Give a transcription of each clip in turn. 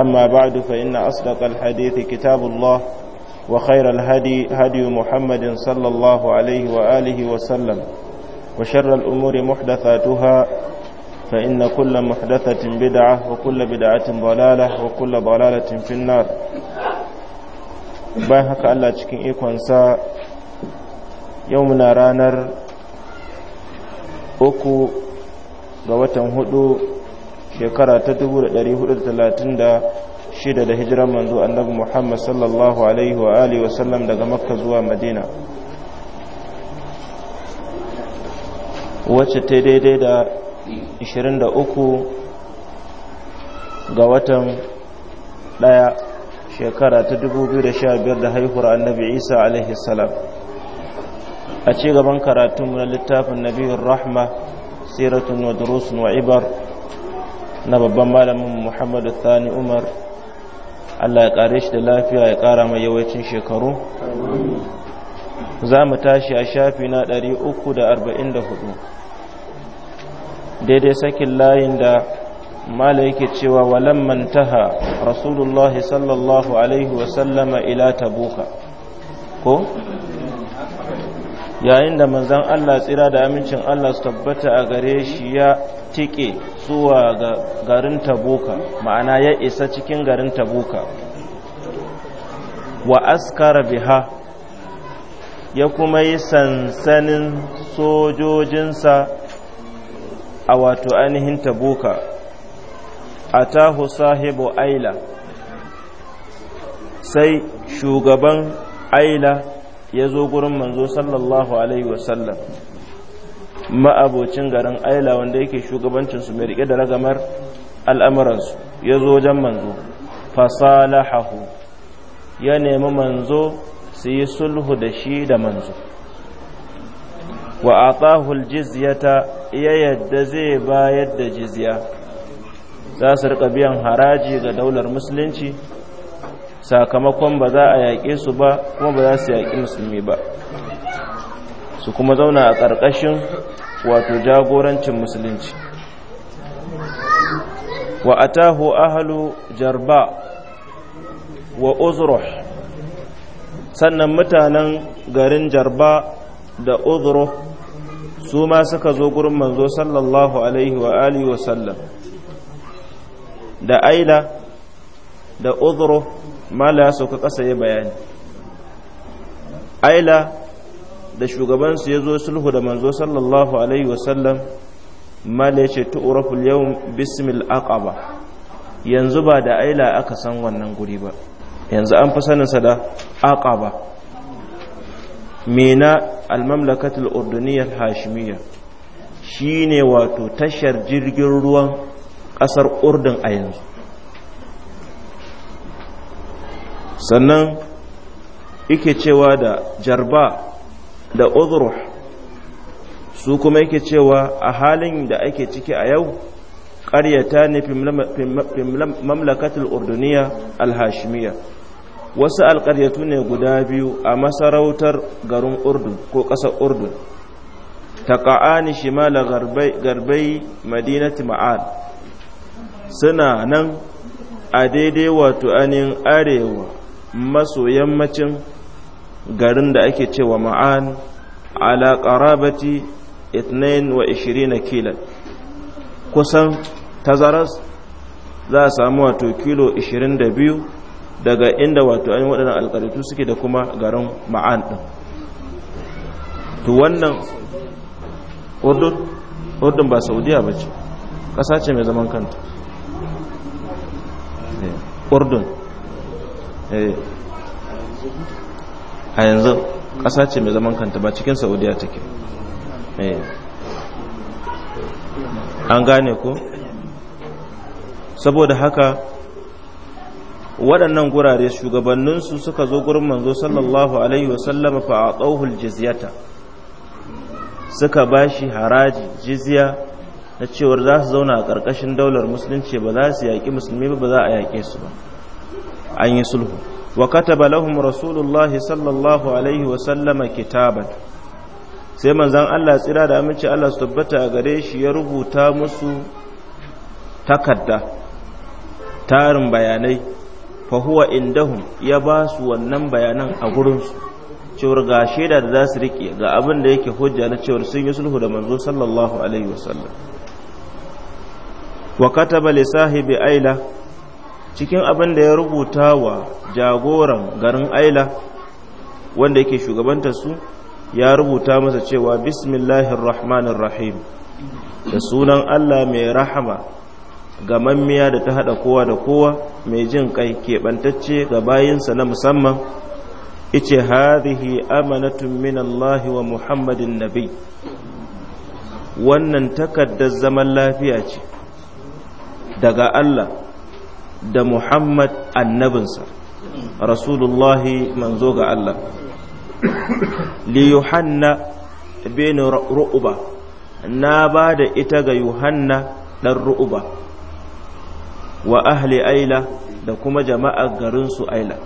أما بعد فإن أصدق الحديث كتاب الله وخير الهدي هدي محمد صلى الله عليه وآله وسلم وشر الأمور محدثاتها فإن كل محدثة بدعة وكل بدعة ضلالة وكل ضلالة في النار باهك الله تشكين إيقوانسا يومنا رانر أكو غوة هدو shekara ta 1436 da hijiran manzo annabi Muhammad sallallahu alaihi wa alihi wa sallam daga Makka zuwa Madina wacce ta daidai da 23 ga watan ɗaya shekara ta 2015 da haihuwar annabi Isa alaihi salam a ci gaban karatun na littafin nabiyar rahma siratun wa durusun wa ibar na babban malamin muhammadu Sani umar allah ya kare shi da lafiya ya kara mai yawancin shekaru za mu tashi a shafi na 344 daidai sakin layin da mala yake cewa walamman taha rasulullahi sallallahu alaihi wasallama ila tabuka ko yayin da manzan allah tsira da amincin allah su tabbata a gare shi ya tike zuwa ga garin tabuka ma'ana ya isa cikin garin tabuka wa askara biha ya kuma yi sansanin sojojinsa a wato ainihin tabuka a tahu sahibu aila sai shugaban aila ya zo gurin manzo sallallahu alaihi wasallam ma'abocin garin aila wanda yake shugabancinsu mai rike da ragamar al'amuransu ya zo wajen manzo fasalahahu ya nemi manzo su yi sulhu da shi da manzo wa atahul jizyata ya yadda zai bayar da jizya za su rika biyan haraji ga daular musulunci sakamakon ba za a yaƙe su ba kuma ba za su yaƙi musulmi ba su kuma zauna a ƙarƙashin wato jagorancin musulunci wa atahu ahlu jarba wa uzruh sannan mutanen garin jarba da uzruh su ma suka zo gurin manzo sallallahu alaihi wa alihi wa sallam da aila da uzruh mala suka kasa yi bayani aila da shugabansu ya zo sulhu da manzo sallallahu alaihi wasallam mala ya ce tu'uraful yau bismil aqaba yanzu ba da aila aka san wannan guri ba yanzu an fi saninsa da aqaba mina almamlakatul al hashimiyya shine wato tashar jirgin ruwan ƙasar urdun a yanzu sannan ike cewa da jarba da uzruh su kuma yake cewa a halin da ake ciki a yau ƙaryata ne mamlakatul urduniya alhashimiya wasu alƙaryatu ne guda biyu a masarautar garin urdu ko ƙasar urdu ta ƙa'ani shimala garbai madinati ma'ad suna nan a daidai wato anin arewa maso yammacin garin da ake cewa ma'an ala qarabati 22 kilo kusan tazaras za a samu wato kilo 22 daga inda wato an waɗannan alƙaritu suke da kuma garin ma'an ɗin to wannan urdun ba saudiya ba ce ƙasa ce mai zaman kanta eh, urdun eh. a yanzu ƙasa ce mai zaman kanta ba cikin saudiya take eh. an gane ko saboda haka waɗannan gurare shugabanninsu suka zo gurin manzo sallallahu alaihi wasallama fa a tsauhul jizyata suka ba shi haraji jiziya na cewar za su zauna a ƙarƙashin daular musulunci ba za su yaƙi musulmi ba ba za a yaƙe su ba an yi sulhu وكتب لهم رسول الله صلى الله عليه وسلم كتابا sai manzan Allah tsira da aminci Allah su tabbata a gare shi ya rubuta musu takarda tarin bayanai fahuwa indahum ya ba su wannan bayanan a gurinsu cewar ga shaida da za su riƙe ga abin da yake hujja na cewar sun yi sulhu da manzo sallallahu alaihi wasallam wa kataba li sahibi aila cikin abin da ya rubuta wa jagoran garin aila wanda yake shugabanta su ya rubuta masa cewa bismillahir rahmanir rahim da sunan Allah mai rahama mammiya da ta hada kowa da kowa mai jin kai keɓantacce ga bayinsa na musamman ice hadhihi amanatun min Allah wa Muhammadin nabi wannan takaddar zaman lafiya ce daga Allah da muhammad annabinsa rasulullahi manzo ga allah li yuhanna bin ru'uba na ba da ita ga yuhanna dan ru'uba wa ahli aila da kuma jama'ar garinsu aila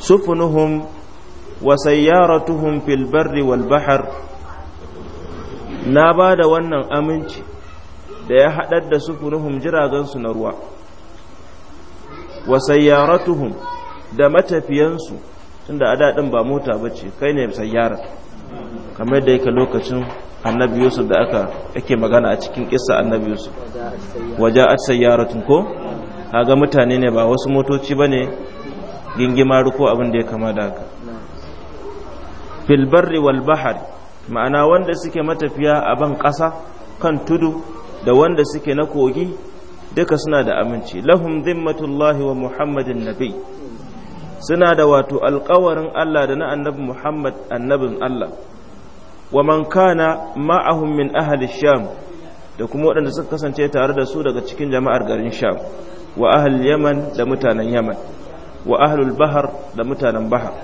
sufunuhum wa sayyaratuhum fil barri wal bahar na ba da wannan aminci da ya haɗar da jiragen jiragensu na ruwa wa sayyaratuhum da matafiyansu tunda a daɗin ba mota bace kai ne sayyara kamar da yake lokacin annabi yusuf da aka yake magana a cikin kissa annabi yusuf waje a sayyaratun ko haga mutane ne ba wasu motoci bane ne gingimari ko abin da ya kama da haka filbarri wal bahari ma'ana wanda suke matafiya a ban kasa kan tudu da wanda suke na kogi duka suna da aminci lahum zimmatullahi wa muhammadin nabi suna da wato alkawarin Allah da na annabi Muhammad annabin Allah wa man kana ma'ahum min ahli sham da kuma waɗanda suka kasance tare da su daga cikin jama'ar garin sham wa ahli yaman da mutanen yaman wa ahlul bahar da mutanen bahar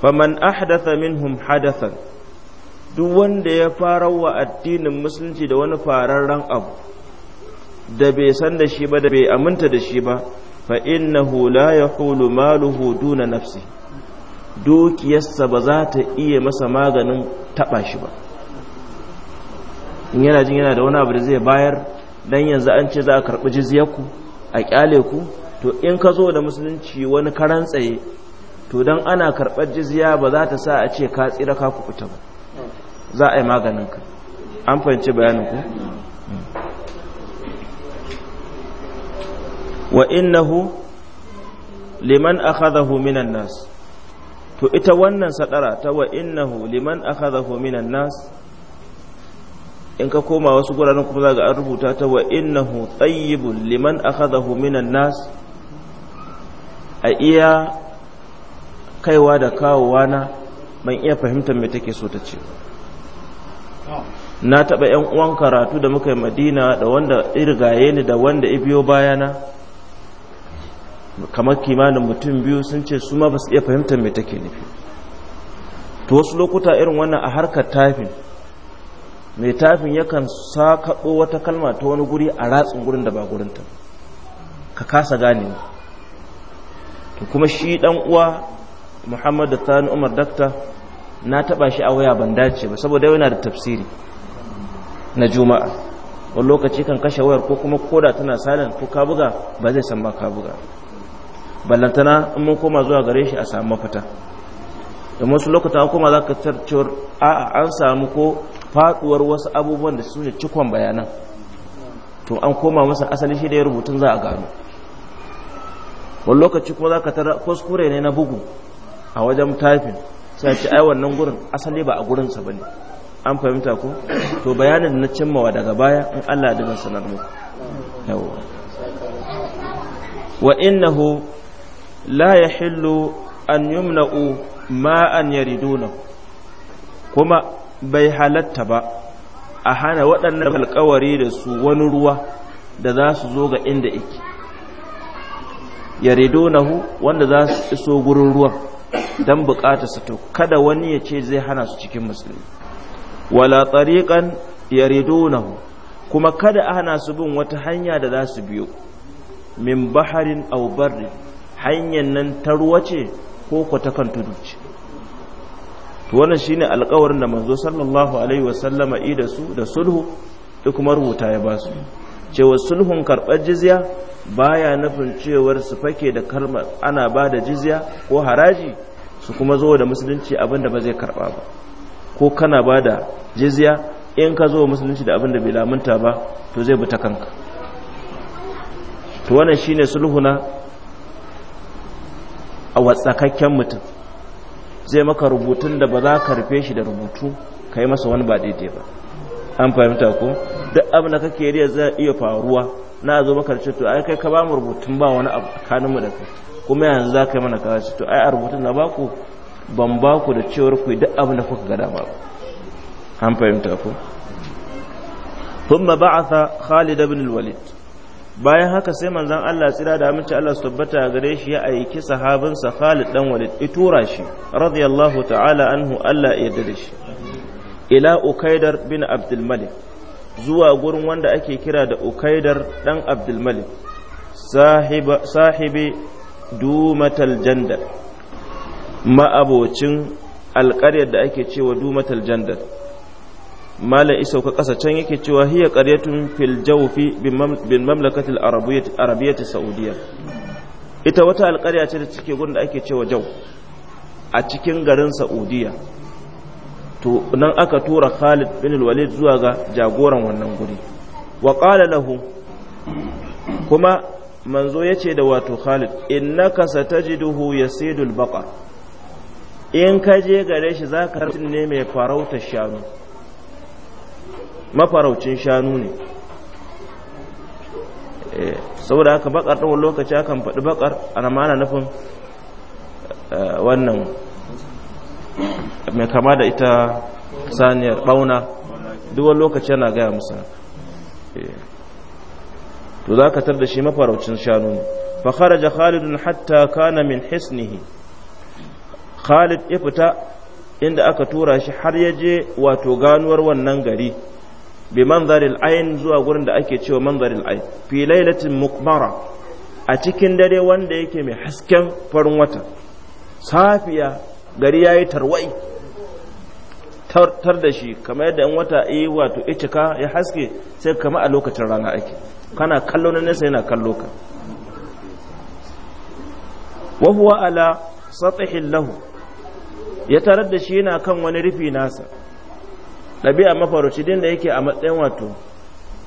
faman ahdatha minhum hadathan duk wanda ya fara wa addinin musulunci da wani fararren abu da bai san da shi ba da bai aminta da shi ba fa innahu la yahulu maluhu duna nafsi dukiyarsa ba za ta iya masa maganin taba shi ba in yana jin yana da wani abu da zai bayar dan yanzu an ce za a karbi jizyar ku a kyale ku to in ka zo da musulunci wani karan tsaye to dan ana karɓar jizya ba za ta sa a ce ka tsira ka kuɓuta ba za a yi maganin ka an fahimci bayanin ku wa innahu liman akhadahu minan nas to ita wannan sadara ta wa innahu liman akhadahu minan nas in ka koma wasu guraren kuma za ga an rubuta ta wa innahu tayyibun liman akhadahu minan nas a iya kaiwa da kawowa na ban iya fahimtar me take so ta ce na taɓa ‘yan uwan karatu da muka yi madina da wanda irgaye ni da wanda ibiyo bayana kamar kimanin mutum biyu sun ce su ma ba su iya fahimtar mai take nufi to wasu lokuta irin wannan a harkar tafin mai tafin yakan sa kaɗo wata kalma ta wani guri a ratsin gurin da ba gurinta ka kasa gane to kuma shi ɗan uwa muhammadu sani umar dakta na taba shi a waya ban dace ba saboda yana da tafsiri na juma'a wani lokaci kan kashe wayar ko kuma koda tana salin ko ka buga ba zai san ba ka buga ballantana in mun koma zuwa gare shi a samu mafita da wasu lokuta kuma za ka tarci a'a an samu ko faduwar wasu abubuwan da su ne cikon bayanan to an koma masa asali shi da ya rubutun za a gano wani lokaci kuma za ka tara kuskure ne na bugu a wajen tafin sai ce ai wannan gurin asali ba a gurin sa bane an fahimta ko to bayanin da na cimmawa daga baya in Allah da zan sanar muku yawa wa innahu la yahillu an yumna'u ma'an yariduna kuma bai halatta ba a hana waɗannan alkawari da su wani ruwa da za su zo ga inda yake yaridunahu wanda za su iso gurin ruwan don bukatar su to kada wani ya ce zai hana su cikin musulmi wala tariqan yaridunahu kuma kada a hana su bin wata hanya da za su biyo min baharin aw barri hanyar nan ta ruwa ce ko ku ta kan tudu ce to wannan shine alƙawarin da manzo sallallahu alaihi wasallama i da su da sulhu da kuma rubuta ya ba su cewa sulhun karɓar jizya baya nufin cewar su fake da kalmar ana ba da jizya ko haraji su kuma zo da musulunci abin ba zai karba ba ko kana ba da jizya in ka zo musulunci da abin bai lamunta ba to zai bi ta kanka to wannan shine sulhuna a watsakakken mutum zai maka rubutun da ba za ka rufe shi da rubutu ka yi masa wani ba daidai ba an fahimta ko duk abin da kake riya zai iya faruwa na zo maka da to ai kai ka ba mu rubutun ba wani abu kanin mu da kai kuma yanzu za ka yi mana kaza to ai a rubutun na baku ban baku da cewar ku duk abin da kuka ga dama an fahimta ko ba'atha Khalid ibn al-Walid bayan haka sai manzon Allah tsira da aminci Allah su tabbata gare shi ya aiki sa Khalid dan Walid itura shi radiyallahu ta'ala anhu Allah ya yarda da shi ila Ukaidar bin Abdul Malik zuwa gurin wanda ake kira da ukaidar ɗan abdulmalik sahibi dumatal jandar ma'abocin alƙaryar da ake cewa dumatal jandar mala isauka ƙasa can yake cewa hiya ƙaryatun fil jawfi bin mamlakatil arabiyyati saudiya ita wata alƙarya ce da cike gurin da ake cewa jau a cikin garin saudiya to nan aka tura Khalid bin Walid zuwa ga jagoran wannan guri wa qala lahu kuma manzo yace da wato Khalid innaka satajiduhu yasidul baqar in ka je gare shi zaka rutun ne mai farautar shanu mafaraucin shanu ne eh, saboda haka bakar ɗan lokaci akan faɗi bakar ana mana nufin eh, wannan mai kama da ita saniyar bauna duwar lokaci yana gaya musa eh. to za ka tar da shi mafaraucin shanu ne fa khalidun hatta kana min hisnihi khalid ya fita inda aka tura shi har ya je wato ganuwar wannan gari bi manzaril ayn zuwa gurin da ake cewa manzaril ayn fi lailatin mukmara a cikin dare wanda yake mai hasken farin wata safiya gari ya yi tarwai tar da shi kamar yadda in wata yi eh, wato icika ya haske sai kama a lokacin rana ake kana kallo na nesa yana kallo ka wahuwa ala satsahin lahu ya tarar da shi yana kan wani rufi nasa ɗabi'a mafarauci din da yake a matsayin wato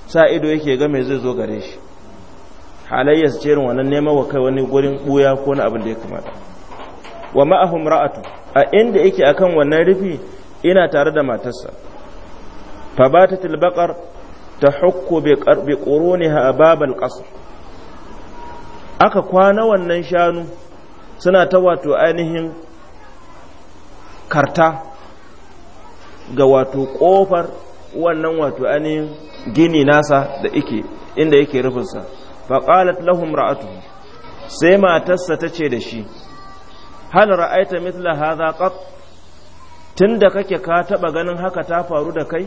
sa ido yake ga mai zai zo gare shi halayya su cerin wannan neman wa kai wani gurin buya ko na abin da ya kamata wa ma'ahum ra'atu a inda yake akan wannan rufi ina tare da matarsa Fa fabatatul baqar hukku bi quruniha babal qasr aka kwana wannan shanu suna ta wato ainihin karta ga wato kofar wannan wato ainihin gini nasa da ike inda yake rufinsa faƙalat lahum ra'atu sai matarsa ta ce da shi hal ra'aita mithla hadha qat tunda kake ka taba ganin haka ta faru da kai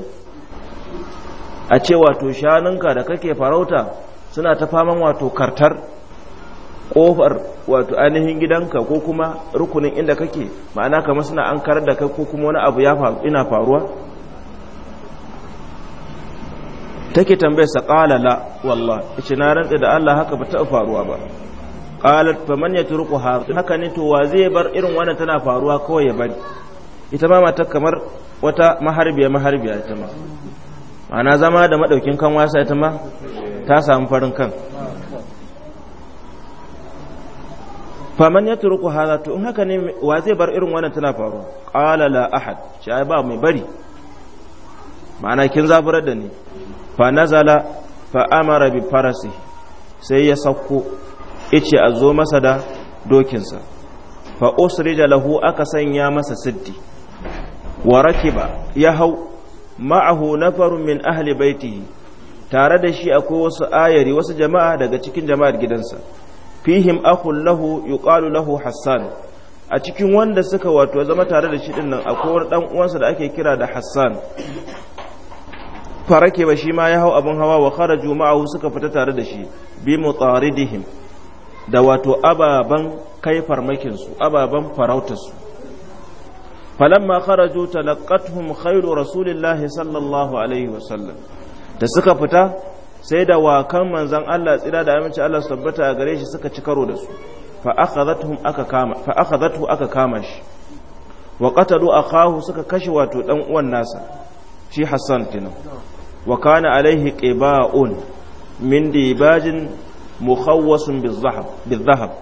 a ce wato shanunka da kake farauta suna ta faman wato kartar kofar wato ainihin gidanka ko kuma rukunin inda kake ma'ana kamar suna an karar da kai ko kuma wani abu ya faru ina faruwa take tambayar sa qala la wallahi ce na rantsa da Allah haka ba ta faruwa ba qalat faman yatruquha haka ne to wa zai bar irin wannan tana faruwa kawai ya bari ita ma mata kamar wata maharbiya maharbiya ita ma ana zama da madaukin kan wasa ita ma ta samu farin kan fa man turuku haza to in haka ne wa zai bar irin wannan tana faruwa qala la ahad shi ai ba mai bari ma'ana kin zaburar da ni fa nazala fa amara bi farasi sai ya sauko ce a zo masa da dokinsa fa usrija lahu aka sanya masa siddi wa rakiba ya hau ma'ahu nafarun min ahli baitihi tare da shi akwai wasu ayari wasu jama'a daga cikin jama'ar gidansa fihim akhun lahu yuqalu lahu hassan a cikin wanda suka wato zama tare da shi dinnan akwai wani dan uwansa da ake kira da hassan fa ba shi ma ya hau abin hawa wa kharaju ma'ahu suka fita tare da shi bi mutaridihim da wato ababan kai farmakinsu ababen farautarsu falamma kharaju talaqathum khairu rasulillahi sallallahu alaihi wasallam da suka fita sai da wakan manzon Allah tsira da aminci Allah tabbata a gare shi suka ci karo da su fa akhadhatuhum aka kama fa aka kama shi wa qatalu akahu suka kashe wato dan uwan nasa shi Hassan tinu wa kana alaihi qiba'un min dibajin mukhawwasun bizahab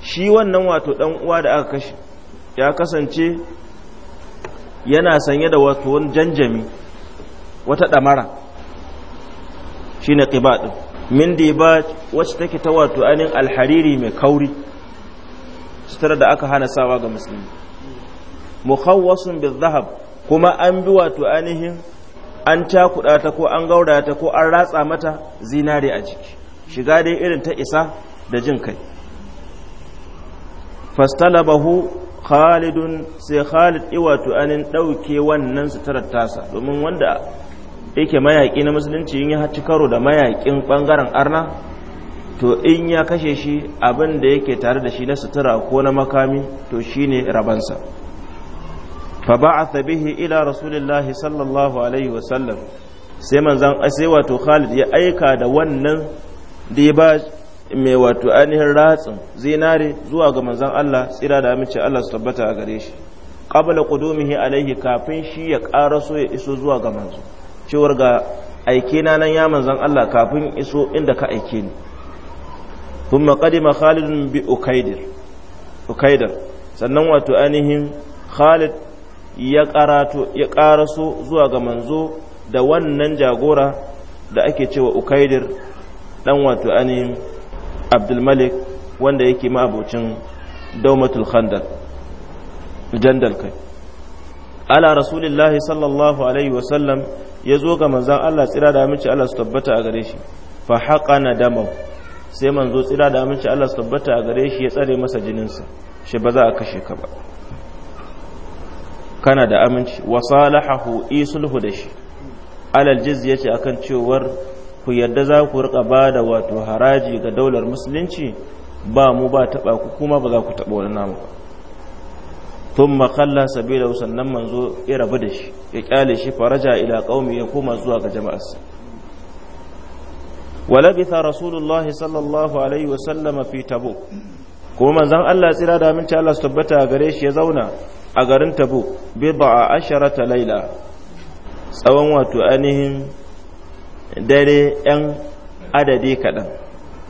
shi wannan wato dan uwa da aka kashe ya kasance yana sanye da wato wani janjami wata damara shine qibad min diba wacce take ta wato anin alhariri mai kauri sutura da aka hana sawa ga musulmi mukhawwasun bizahab kuma an bi wato ainihin an cakuɗa ta ko an gaurata ko an ratsa mata zinare a jiki shiga dai irin ta isa da jin kai fastalabahu khalidun sai khalid iwato anin ɗauke wannan suturar tasa domin wanda yake mayaƙi na musulunci yin ya haci karo da mayaƙin ɓangaren arna to in ya kashe shi abin da yake tare da shi na sutura ko na makami to shine rabansa fa ba'atha bihi ila rasulillahi sallallahu alaihi wasallam sai manzan sai wato Khalid ya aika da wannan da ya ba mai wato ainihin ratsin zinare zuwa ga manzan Allah tsira da amince Allah su tabbata a gare shi qabla qudumihi alaihi kafin shi ya karaso ya iso zuwa ga manzo cewar ga aike na nan ya manzan Allah kafin iso inda ka aike ni thumma qadima Khalid bi Ukaidir Ukaidar sannan wato ainihin Khalid ya karato ya karaso zuwa ga manzo da wannan jagora da ake cewa Ukaidir dan wato anin abdulmalik wanda yake ma'abocin daumatul khandar jandal kai ala rasulillahi sallallahu alaihi wasallam ya zo ga manzan Allah tsira da aminci Allah su tabbata a gare shi fa haqa na damau sai manzo tsira da aminci Allah su tabbata a gare shi ya tsare masa jininsa shi ba za a kashe ka ba kana da aminci wa salahahu isulhu da shi alal jizya ce akan cewar ku yadda za ku rika ba da wato haraji ga daular musulunci ba mu ba taɓa ku kuma ba za ku taɓa wani namu ba tun makalla sabila sannan manzo ya rabu da shi ya kyale shi faraja ila kaumi ya koma zuwa ga jama'arsa walabitha rasulullahi sallallahu alaihi wa sallama fi tabo kuma manzan Allah tsira da aminci Allah su tabbata gare shi ya zauna a garin bi a a asharata laila tsawon wato ainihin dare yan adadi kaɗan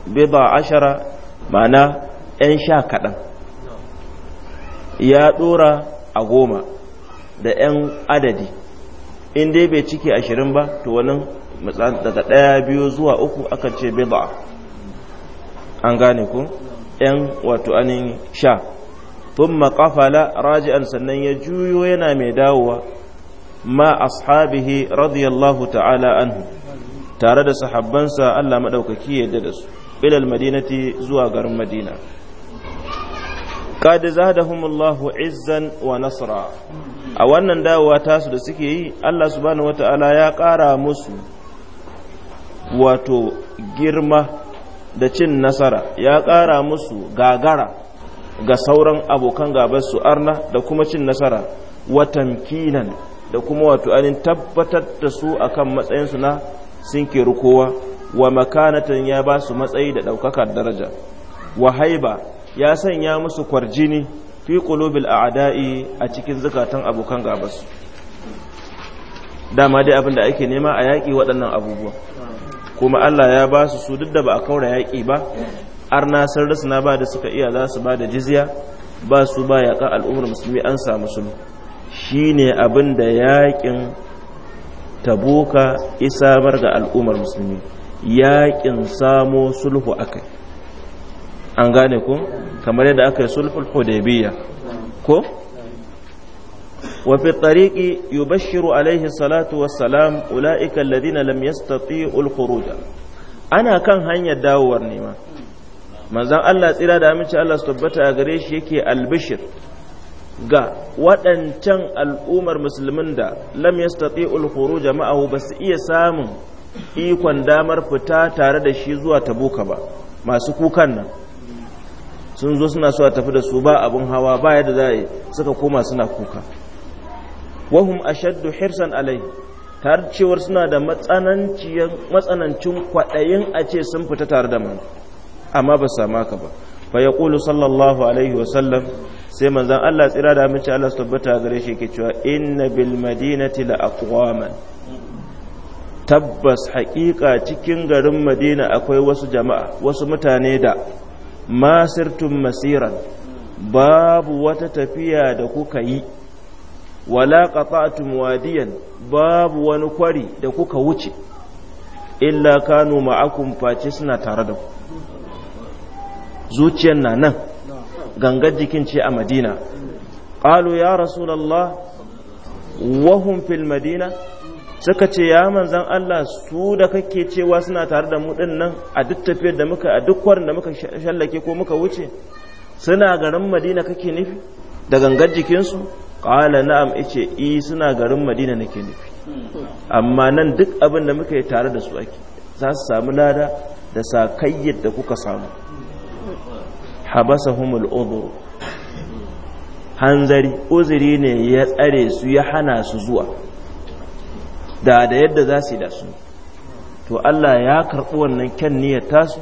biba ashara mana yan sha kaɗan ya ɗora a goma da yan adadi in dai bai ciki ashirin ba to wannan daga ɗaya biyu zuwa uku aka ce biba an gane ku yan wato anin sha ثم قفل raji'an sannan ya juyo yana mai dawowa ma ashabihi radiyallahu ta'ala anhu tare da sahabbansa Allah maɗaukaki yadda da su ilal madinati zuwa garin madina da zadahumullahu izzan wa nasra a wannan dawowa tasu da suke yi Allah subhanahu wataala ya ƙara musu wato girma da cin nasara ya ƙara musu gagara ga sauran abokan gabar su arna da kuma cin nasara watan kinan da kuma wato anin tabbatar da su akan matsayinsu na sun keri kowa wa makanatan ya ba su matsayi da ɗaukakar daraja wa haiba ya sanya musu kwarjini fi a a'da'i a cikin zukatan abokan gabasu dama dai abin da ake nema a yaƙi waɗannan abubuwa kuma Allah ya ba su su duk da ba a kaura yaƙi ba arna sun rasna ba da suka iya za su ba da jizya ba su ba yaƙa al'ummar musulmi an samu sulhu shine abin da yaƙin tabuka isamar ga al'ummar musulmi yaƙin samo sulhu akai an gane ku kamar yadda aka yi sulhul hudaybiyya ko وفي الطريق يبشر عليه الصلاة والسلام أولئك الذين لم يستطيعوا الخروج ana kan hanyar dawowar نيما manzon Allah tsira da aminci Allah su tabbata a gare shi yake albishir ga waɗancan al'ummar musulmin da lam yastati'ul khuruj jama'a ba su iya samun ikon damar fita tare da shi zuwa tabuka ba masu kukan nan sun zo suna so tafi da su ba abin hawa ba yadda za a suka koma suna kuka wahum ashaddu hirsan alai har cewar suna da matsanancin kwaɗayin a ce sun fita tare da mu amma ba sama ka ba fa yaqulu sallallahu alaihi wa sai manzan Allah tsira da aminci Allah su tabbata gare shi ke cewa inna bil madinati la aqwaman tabbas haƙiƙa cikin garin madina akwai wasu jama'a wasu mutane da masirtun masiran babu wata tafiya da kuka yi wala qata'tum wadiyan babu wani kwari da kuka wuce illa kanu ma'akum face suna tare da ku zuciyar na nan gangar jikin ce a madina ƙalu ya rasulallah wahum fil madina suka ce ya manzan Allah su da kake cewa suna tare da mu nan a duk tafiyar da muka a duk kwarin da muka shallake ko muka wuce suna garin madina kake nufi da gangar jikinsu ƙala na'am ice i eh, suna garin madina nake nufi amma nan duk abin da muka yi tare da su ake za su samu lada da sakayyar da kuka samu humul udhur hanzari uzuri ne ya tsare su ya hana su zuwa da da yadda za su da su to Allah ya karɓi wannan kyan niyyar tasu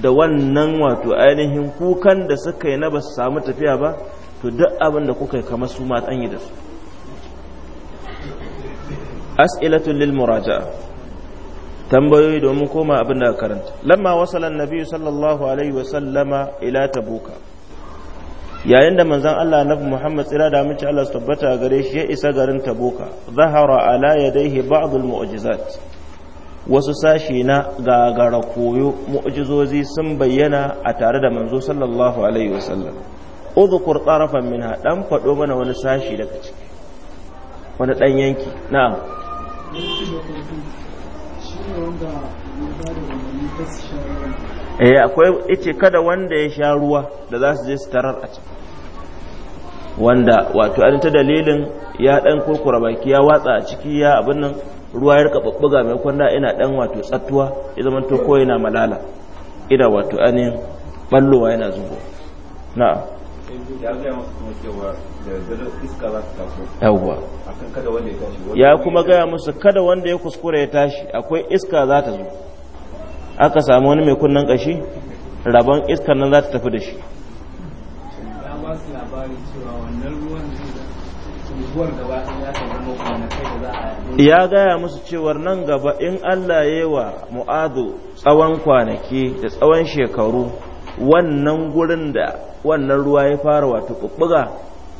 da wannan wato ainihin kukan da suka yi na ba su samu tafiya ba to duk abin da kuka yi kamar su ma an yi da su as'ilatul lil muraja'a tambayoyi domin koma abin da karanta lamma wasalan nabi sallallahu alaihi wa sallama ila tabuka yayin da manzon Allah nabi Muhammad tsira da mace Allah su tabbata gare shi ya isa garin tabuka zahara ala yadayhi ba'd al mu'jizat wasu sashi na gagara koyo mu'jizozi sun bayyana a tare da manzo sallallahu alaihi wa sallam udhkur tarafan minha dan fado mana wani sashi daga ciki wani dan yanki na'am eh akwai ice kada wanda ya sha ruwa da za su je su tarar a cikin wanda wato an ta dalilin ya dan kurkura baki ya watsa a ciki ya abin nan ruwa ya rika babbuga mai kwanda ina dan wato tsattuwa ya zama to ko yana malala ina wato anin ballowa yana zubo na'am yawwa ya kuma gaya musu kada wanda ya kuskura ya tashi akwai iska za ta zo aka samu wani mai kunnen kashi rabon iska nan za ta tafi da shi ya gaya musu cewar nan gaba in allah yi wa mu'adu tsawon kwanaki da tsawon shekaru wannan gurin da wannan ruwa ya fara wato bubbuga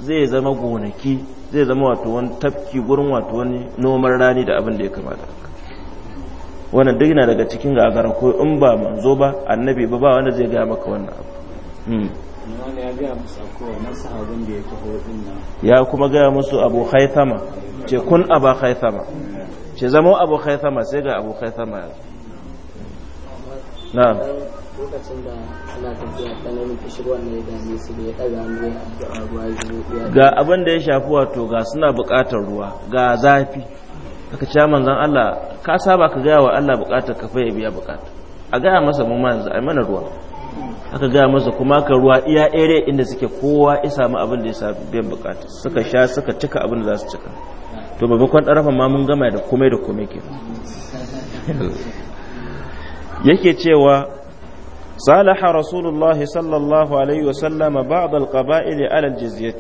zai zama gonaki zai zama wato wani tafki gurin wato wani noman rani da abin da ya kamata wannan duk na daga cikin gagara ko in ba manzo ba annabi ba ba wanda zai gaya maka wannan abu hmm. ya kuma gaya musu abu haithama ce kun abu haithama ce zama abu haithama sai ga abu haithama na da tafiya da ruwa ya ga abin da ya shafi wato ga suna buƙatar ruwa ga zafi aka ce manzan Allah ka saba ka gaya wa Allah buƙatar ka ya biya buƙata a gaya masa mu ma yanzu a mana ruwa aka gaya masa kuma ka ruwa iya ere inda suke kowa ya samu abin da ya sa biyan bukatar suka sha suka cika abin da za su cika to babakon ɗarafan ma mun gama da kome da kome ke yake cewa صالح رسول الله صلى الله عليه وسلم بعض القبائل على الجزية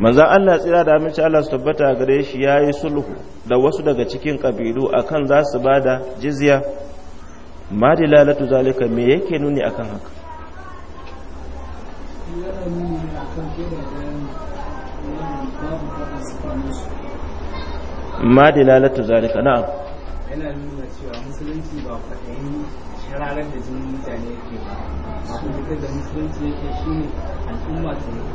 manzo Allah tsira da aminci Allah su tabbata gare shi ya yi sulhu da wasu daga cikin kabilu akan za su bada jizya ma dilalatu zalika me yake nuni akan haka ma dilalatu zalika na'am yana nuna cewa musulunci ba fadayin ranar da jinin mutane yake ba abin da musulunci yake shi ne al'umma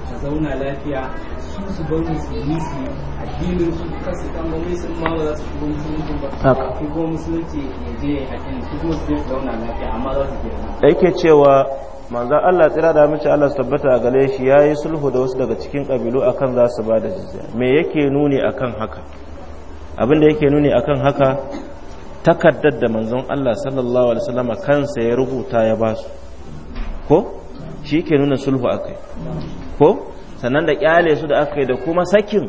ta zauna lafiya su su bar musulmi su addinin su su kan gwamnati sun ma ba za su shigo musulunci ba shi kuma musulunci ya je ya addini su kuma su zauna lafiya amma za su je yake cewa manzan Allah tsira da mace Allah su tabbata a gare shi ya yi sulhu da wasu daga cikin kabilu akan za su ba da jizya me yake nuni akan haka abin da yake nuni akan haka takardar da manzon Allah sallallahu alaihi wasallam kansa ya rubuta ya ba su ko shi ke nuna sulhu akai ko sannan da kyale su da aka yi da kuma sakin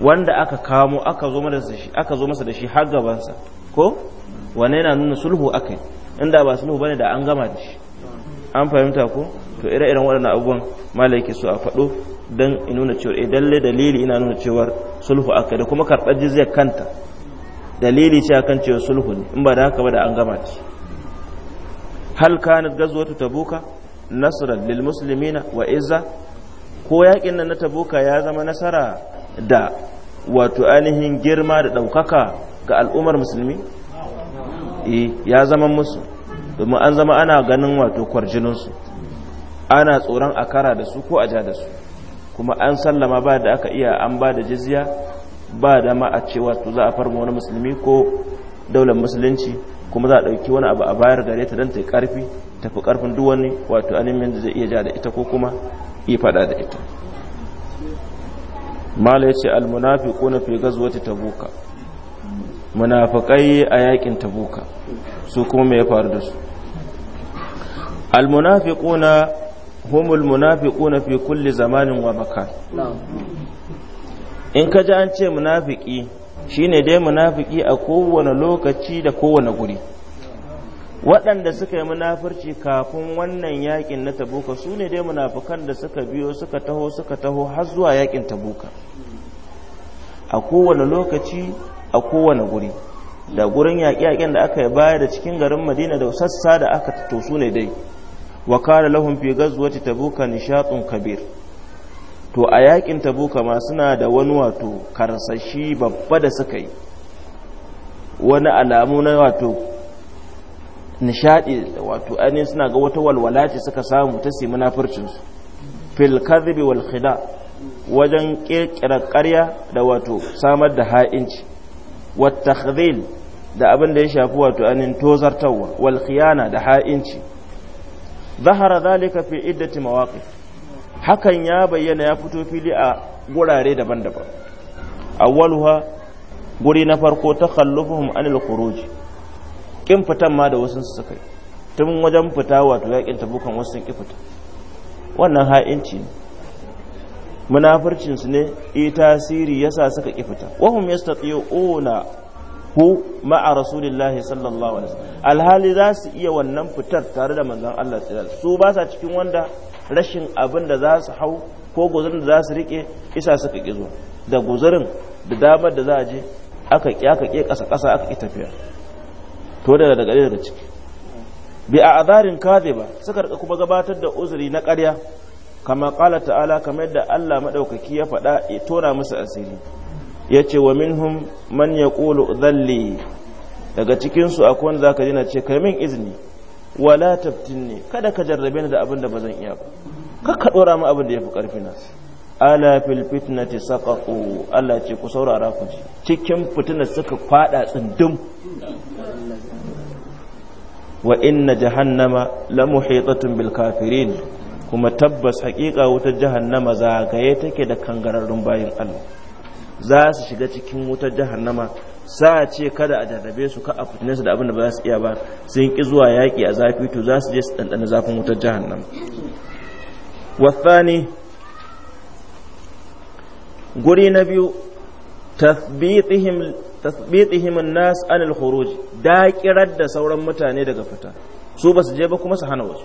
wanda aka kamo aka zo masa shi aka zo masa da shi har gabansa ko wane yana nuna sulhu akai inda ba sulhu bane da an gama da shi an fahimta ko to ire-iren waɗannan abubuwan malaiki su a faɗo don in nuna cewa eh, idan dalili ina nuna cewa sulhu akai da kuma karɓar jizyar kanta dalili ce akan cewa sulhu ne in ba da haka ba da an gama ce hal kanat gazwatu tabuka nasran lil muslimina wa izza ko yakin nan na tabuka ya zama nasara da wato ainihin girma da daukaka ga al'ummar musulmi eh ya zama musu domin an zama ana ganin wato kwarjininsu ana tsoron a kara da su ko a ja da su kuma an sallama ba da aka iya an ba da jizya ba ma a cewa to za a farma wani musulmi ko daular musulunci kuma za a ɗauki wani abu a bayar gare ta don ta yi ƙarfi tafi ƙarfin duk wani wato alimin da zai iya ja da ita ko kuma iya faɗa da ita mala ya ce almunafiku na fi gazuwata tabuka munafakai a yakin tabuka su kuma me ya faru da su almunafiku na humul munafiku na fi kulli zamanin wa makan in ka ji an ce munafiki shine dai munafiki a kowane lokaci da kowane guri waɗanda suka yi munafurci kafin wannan yakin na tabuka su ne dai munafukan da suka biyo suka taho suka taho har zuwa yakin tabuka a kowane lokaci a kowane guri da gurin yaƙi yaƙen da aka yi baya da cikin garin madina da sassa da aka to ne dai wa kare lahun fi gazuwa tabuka nishatun kabir to a yakin tabuka ma suna da wani wato karsashi babba da suka yi wani alamu na wato nishadi wato ainihin suna ga wata walwala ce suka samu ta simi munafircinsu fil kadhibi wajen kirkirar ƙarya da wato samar da ha'inci wata da abin da ya shafi wato ainihin tozartawa wal da ha'inci zahara zalika fi iddati mawaqif hakan ya bayyana ya fito fili a gurare daban-daban awwaluha guri na farko ta khallufuhum anil khuruj kin fitan ma da wasu suka yi tun wajen fita wato yakin tabukan wasu sun ki fita wannan ha'inci ne munafircin su ne i tasiri yasa suka ki fita wahum yastati'una hu ma'a rasulillahi sallallahu alaihi wasallam alhali za su iya wannan fitar tare da manzon Allah sallallahu su ba sa cikin wanda rashin abin da za su hau ko guzurin da za su rike isa suka zuwa da guzurin da damar da za a je aka ƙi aka ƙi kasa kasa aka ƙi tafiya to daga daga ciki bi a azarin kadhiba suka rika kuma gabatar da uzuri na ƙarya kama qala ta'ala kamar yadda Allah maɗaukaki ya faɗa ya tona musu asiri ya ce wa minhum man ya ƙulu zalle daga cikinsu a kowane za ka jina ce kai min izini wala taftin ne kada ka jarrabe ni da abin da ba zan iya ba kakka ka ɗora mu abin da ya fi ƙarfi na ala fil fitnati saqaqu Allah ce ku saurara ku ji cikin fitinar suka fada tsindum wa inna jahannama la muhitatun bil kafirin kuma tabbas haƙiƙa wutar jahannama zagaye take da kangararrun bayan Allah za su shiga cikin wutar jahannama sa ce kada a jarrabe su ka a fitine da abin da ba za su iya ba sun ki zuwa yaƙi a zafi to za su je su ɗanɗana zafin wutar jahannama wasani guri na biyu tasbitihim nas anil khuruj daƙirar da sauran mutane daga fita su ba su je ba kuma su hana wasu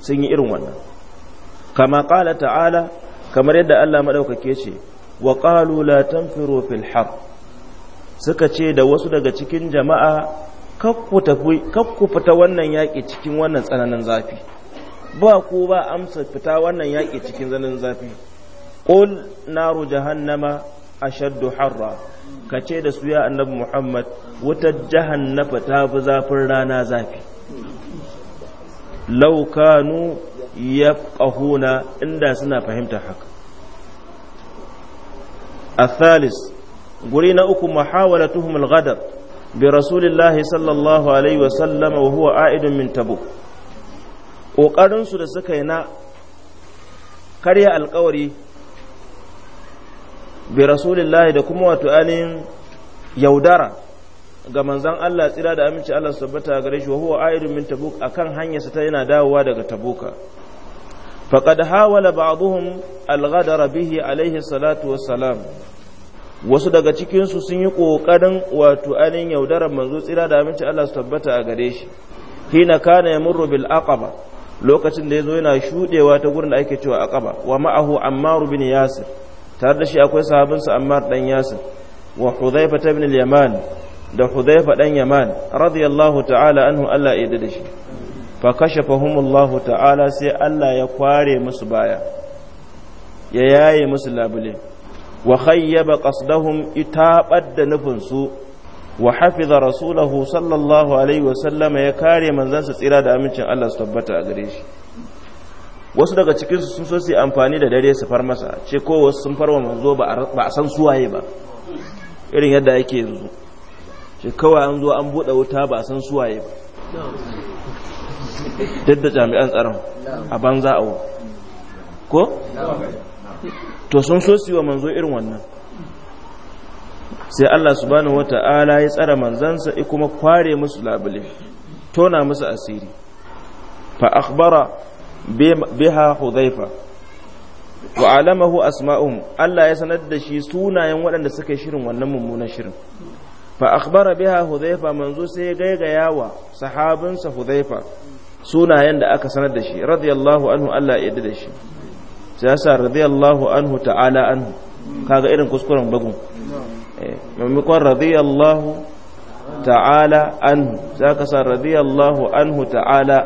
sun yi irin wannan kama qala ta'ala kamar yadda Allah maɗaukake ce wa qalu la tanfiru fil har suka ce da wasu daga cikin jama'a kakku tafi fita wannan yaƙi cikin wannan tsananin zafi ba ku ba amsa fita wannan yaƙi cikin tsananin zafi qul naru jahannama ashaddu harra ka ce da su ya annabi Muhammad wutar jahannafa ta fi zafin rana zafi laukanu ya ƙahuna inda suna fahimtar haka الثالث قرين أكو محاولتهم الغدر برسول الله صلى الله عليه وسلم وهو عائد من تبوك ƙoƙarinsu da suka na karya alkawari bi rasulillahi da kuma wato ainihin yaudara ga manzan Allah tsira da aminci Allah su tabbata gare shi wa huwa aidun min tabuk akan hanyarsa ta yana dawowa daga tabuka فقد hawala بعضهم الغدر به عليه alaihi والسلام wasu daga cikinsu su sun yi kokarin wato anin yaudarar manzo tsira da aminci Allah su tabbata a gare shi hina kana murru bil aqaba lokacin da ya zo yana shudewa ta gurin da ake cewa aqaba wa ma'ahu ammar bin yasir tare da shi akwai sahabin sa ammar dan yasir wa hudhaifa ibn al-yaman da hudhaifa dan yaman radiyallahu ta'ala anhu Allah ya yarda da shi fa fahimullahu ta'ala sai Allah ya kware musu baya ya yaye musu labule wa khayyaba qasdahum itaɓar da nufinsu wa hafiza rasulahu sallallahu alaihi wasallama ya kare manzansa tsira da amincin Allah su tabbata a gare shi wasu daga cikinsu sun so su amfani da dare su far masa ce ko wasu sun farwa manzo ba a san suwaye ba irin yadda ake yanzu ce kawai an zo an buɗe wuta ba a san suwaye ba duk da jami'an tsaron a banza a ko? to sun so su yi wa manzo irin wannan sai Allah subhanahu wata'ala ya tsara manzansa ya kuma kware musu labule tona musu asiri fa akhbara biha hudhaifa wa alamahu asma'um Allah ya sanar da shi sunayen waɗanda suka yi shirin wannan mummunan shirin fa akhbara biha hudhaifa manzo sai gaigaya wa sahabinsa hudhaifa sunayen da aka sanar da shi radiyallahu anhu Allah ya da shi sai radiyallahu anhu ta'ala anhu kaga irin kuskuren bagun eh maimakon radiyallahu ta'ala anhu zaka sa radiyallahu anhu ta'ala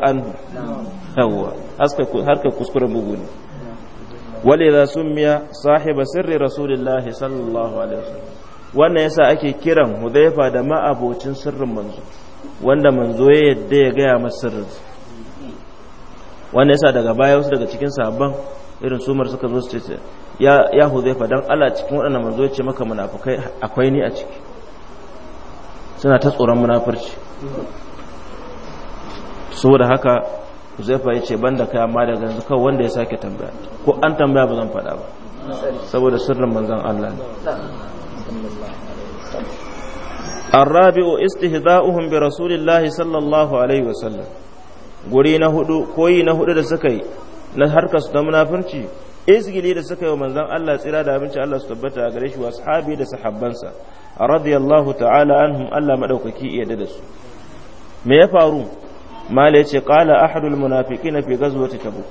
harka bugu ne ولذا سمي صاحب سر رسول الله صلى الله عليه وسلم wannan yasa ake kiran huzaifa da ma'abocin sirrin manzo wanda manzo ya yadda ya gaya masa sirrin wannan yasa daga baya wasu daga cikin sahabban irin sumar suka zo su ce ya ya huzaifa dan Allah cikin waɗannan manzo ya ce maka munafikai akwai ni a ciki suna ta tsoron munafurci saboda haka huzaifa ya ce banda kai amma daga yanzu kawai wanda ya sake tambaya ko an tambaya ba zan faɗa ba saboda sirrin manzon Allah ne صلى الله عليه وسلم الرابع استهزاؤهم برسول الله صلى الله عليه وسلم na hudu koyi na da sakai na harkas su ta munafunci izgili da suka yi wa manzon Allah tsira da abinci Allah su tabbata a gare shi wa sahabi da sahabbansa radiyallahu ta'ala anhum Allah madaukaki yadda da su me ya faru mala yace qala ahadul munafiqina fi ghazwati tabuk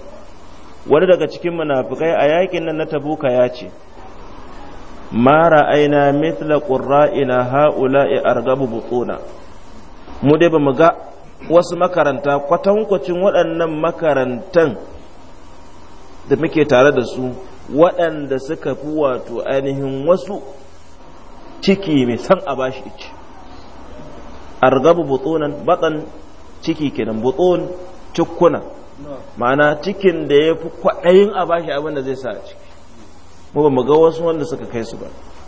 wani daga cikin munafikai a yakin nan na tabuka ya ce ma ra'ayna mithla qurra'ina ha'ula'i argabu butuna mu dai bamu ga wasu makaranta kwatankwacin waɗannan makarantan da muke tare da su waɗanda suka fi wato ainihin wasu ciki mai san a bashi ci argabu butunan baɗan ciki kenan butun cikkuna ma'ana cikin da ya fi kwaɗayin a bashi abin da zai sa ciki mu ba ga wasu wanda suka kai su ba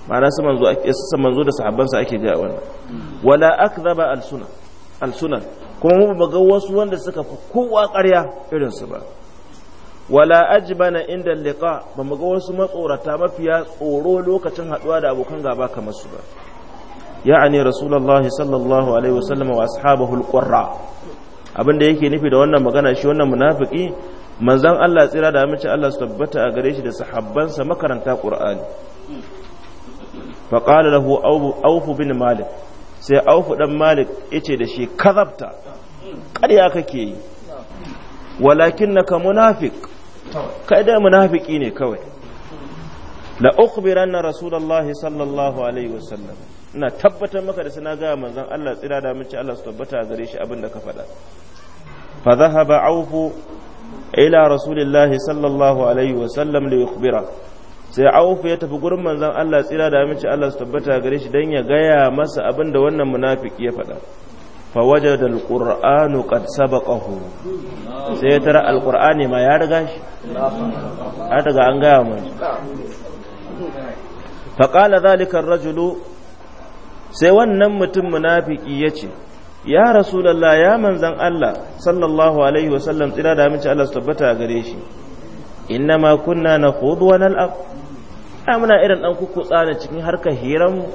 ma'ana su manzo su manzo da sahabbansa ake ga wannan wala akdhaba al-sunan al-sunan kuma mu ba ga wasu wanda suka fi kowa ƙarya irin su ba wala ajbana inda liqa ba mu ga wasu matsorata mafiya tsoro lokacin haduwa da abokan gaba kamar su ba ya'ani rasulullahi sallallahu alaihi wasallam wa ashabahu al-qurra abinda yake nufi da wannan magana shi wannan munafiki manzon Allah tsira da mace Allah su tabbata a gare shi da sahabbansa makaranta ƙur'ani fa qala lahu bin malik sai awfu dan malik yace da shi kazabta ƙarya kake yi walakin naka kai da munafiki ne kawai la na rasulullahi sallallahu alaihi wasallam ina tabbatar maka da suna gaya manzon Allah tsira da mace Allah su tabbata a gare shi abin da ka faɗa fa zahaba aufu ila الله sallallahu alaihi عليه وسلم ليخبره sai aufu ya tafi gurin manzon Allah tsira da aminci Allah su tabbata gare shi dan ya gaya masa abin da wannan munafiki ya faɗa fa wajada alqur'anu qad sabaqahu sai ya tara alqur'ani ma ya riga shi a daga an gaya masa fa qala zalika ar-rajulu sai wannan mutum munafiki yace ya rasulallah ya manzan Allah sallallahu alaihi wasallam tsira da mace Allah su tabbata a gare shi inna ma kunna na hudu wani al'ab a muna irin ɗan kuku tsana cikin harkar hiran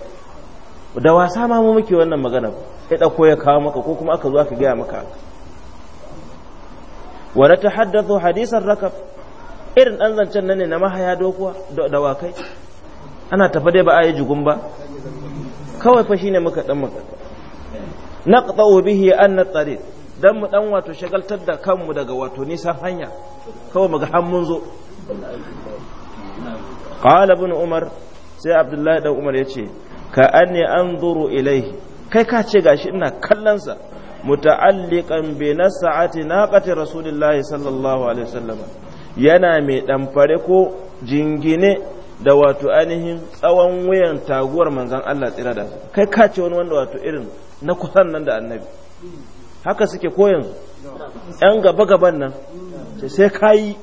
da wasa ma mu muke wannan magana ya ɗauko ya kawo maka ko kuma aka zo aka gaya maka wa na tahaddathu hadisan rakab irin ɗan zancen nan ne na mahaya dokuwa da wakai ana tafa dai ba a yi jugun ba kawai fa shine muka ɗan magana naqta'u bihi anna tariq dan mu dan wato shagaltar da kanmu daga wato nisan hanya kawai mu ga har zo qala ibn umar sai abdullahi dan umar yace ka anni anzuru ilaihi kai ka ce gashi ina kallon sa muta'alliqan bi nas'ati naqati rasulillahi sallallahu alaihi wasallam yana mai damfare ko jingine da wato ainihin tsawon wuyan taguwar manzon Allah tsira da kai ka ce wani wanda wato irin na kusan nan da annabi haka suke koyan yan gaba-gaban nan sai kayi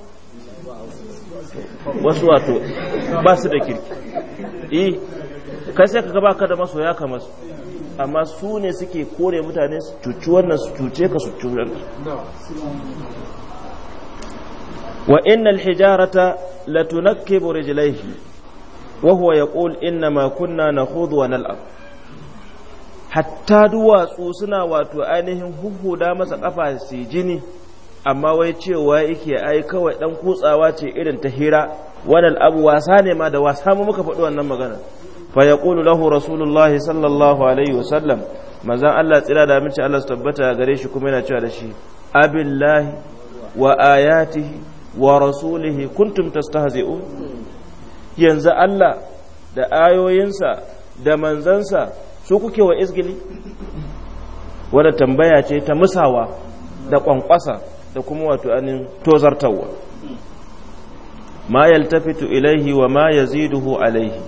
wasu wato ba su da kirki eh kai sai ka gaba ka da masoya kamar su amma su ne suke kore mutane su cuci wannan su cuce ka su cuce wa innal hijarata latunakkibu rijlaihi wa huwa yaqul inna ma kunna nakhudhu wa nal'ab hatta duwatsu suna wato ainihin huhuda masa kafa su jini amma wai cewa yake ai kawai dan kutsawa ce irin ta hira wannan abu wasa ne ma da wasa mu muka faɗi wannan magana fa yaqulu lahu rasulullahi sallallahu alaihi wasallam manzon Allah tsira da mace Allah su tabbata gare shi kuma yana cewa da shi abillahi wa ayatihi wa rasulihi kuntum tastahzi'un yanzu Allah da ayoyinsa da manzansa su kuke wa izgili wadda tambaya ce ta musawa da ƙwanƙwasa da kuma wato anin tozartarwa ma yaltafitu ilaihi wa ma yaziduhu alaihi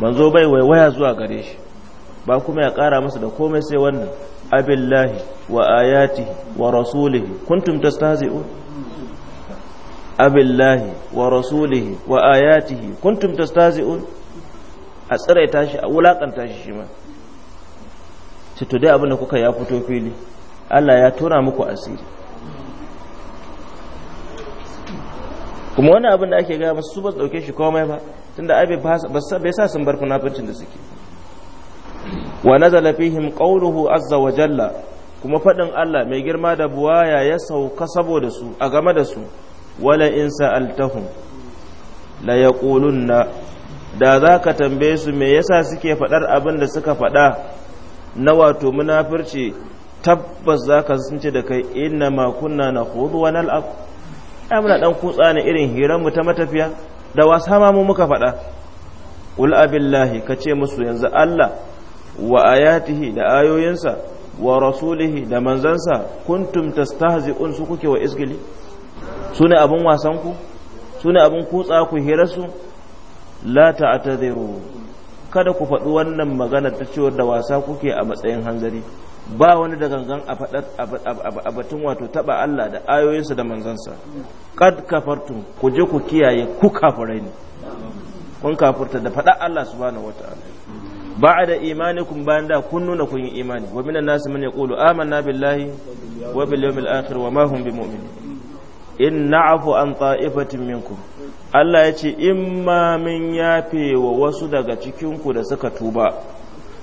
manzo bai waiwaya zuwa gare shi ba kuma ya kara masa da komai sai wannan abillahi wa ayatihi wa rasulihi kuntum tastahzi'un abillahi wa rasulihi wa ayatihi kuntum tastahzi'un a tsiraita shi a wulakanta shi shi ma to dai abin kuka ya fito fili Allah ya tura muku asiri kuma wani abin da ake gaya masu su ba dauke shi komai ba tun tunda ai bai sa sun bar funafincin da suke wa nazala fihim qawluhu azza wa jalla kuma faɗin Allah mai girma da buwaya ya sauka saboda su a game da su wala in sa'altahum la na. da za ka tambaye su me yasa suke faɗar abin da suka faɗa na wato munafirci tabbas za ka sunce da kai inna ma kunna na hudu wani nal'ab ya muna ɗan kutsa na irin hiranmu ta matafiya da wasu hamamu muka faɗa qul abillahi ka ce musu yanzu Allah wa ayatihi da ayoyinsa wa rasulihi da manzansa kuntum tastahzi'un su kuke wa isgili ne abin wasan ku ne abin kutsa ku su? la ta'tadiru kada ku faɗi wannan magana ta cewa da wasa kuke a matsayin hanzari ba wani da gangan a faɗar a batun wato taba Allah da ayoyinsa da manzansa kad kafartum ku je ku kiyaye ku kafirai ne kun kafurta da faɗa Allah subhanahu wata'ala da imanikum bayan da kun nuna kun yi imani wa minan nasu man yaqulu amanna billahi wa bil yawmil akhir wa ma hum bimu'minin in na'fu an ta'ifatin minkum Allah ya ce in ma min yafe wa wasu daga cikinku da suka tuba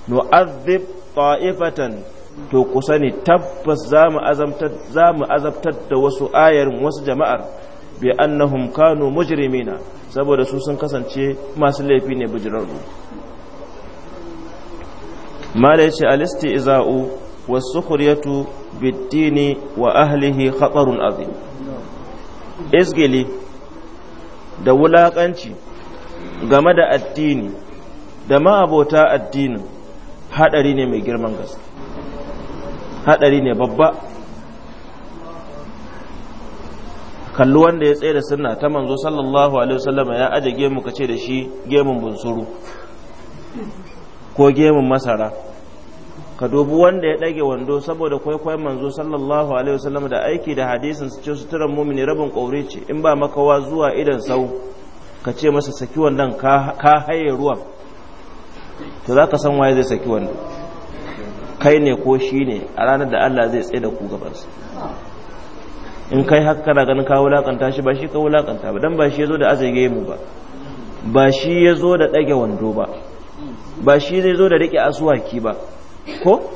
nu'adhib ta'ifatan to ku sani tabbas za mu azabtar da wasu ayar wasu jama'ar bi annahum kanu mujrimina saboda su sun kasance masu laifi ne bujirarru mala yace al-istiza'u was-sukhriyatu bid-dini wa ahlihi khatarun azim izgili da wulaƙanci game da addini da ma'abota addinin haɗari ne mai girman gaske haɗari ne babba kalli wanda ya tsaye da sunna ta manzo sallallahu alaihi wasallama ya aje gemu kace da shi gemun bunsuru ko gemun masara ka dubu wanda ya ɗage wando saboda kwaikwayon manzo sallallahu alaihi wasallam da aiki da hadisin su ce suturan mumini rabin ƙaure ce in ba makawa zuwa idan sau ka ce masa saki wannan ka haye ruwan to za ka san waye zai saki wando kai ne ko shi ne a ranar da Allah zai tsaye da ku gabansa in kai haka kana ganin ka wulakanta shi ba shi ka wulakanta ba dan ba shi yazo da azage mu ba ba shi yazo da dage wando ba ba shi zai zo da rike asuwaki ba ko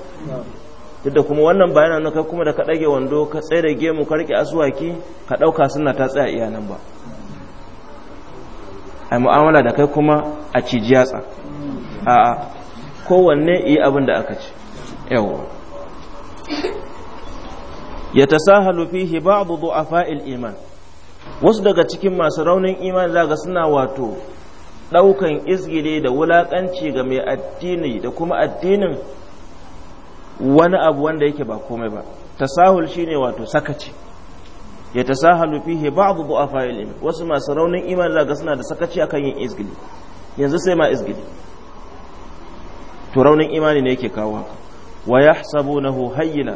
tunda da kuma wannan bayanan na kai kuma da ka ɗage wando ka tsaye da gemu ka rike asuwaki ka ɗauka suna ta tsaya iya nan ba a mu'amala da kai kuma a ciji yatsa a kowanne yi abin da aka ci, yawa ya tasahalu fihi ba'd du'afa'il iman wasu daga cikin masu raunin iman zaga suna wato daukan izgile da wulakanci ga mai addini da kuma addinin wani abu wanda yake ba komai ba tasahul shine wato sakaci ya tasahalu fihi a du'afa ilmi wasu masu raunin imani zaka suna da sakaci akan yin izgili yanzu sai ma izgili to raunin imani ne yake kawo haka wa yahsabunahu hayyina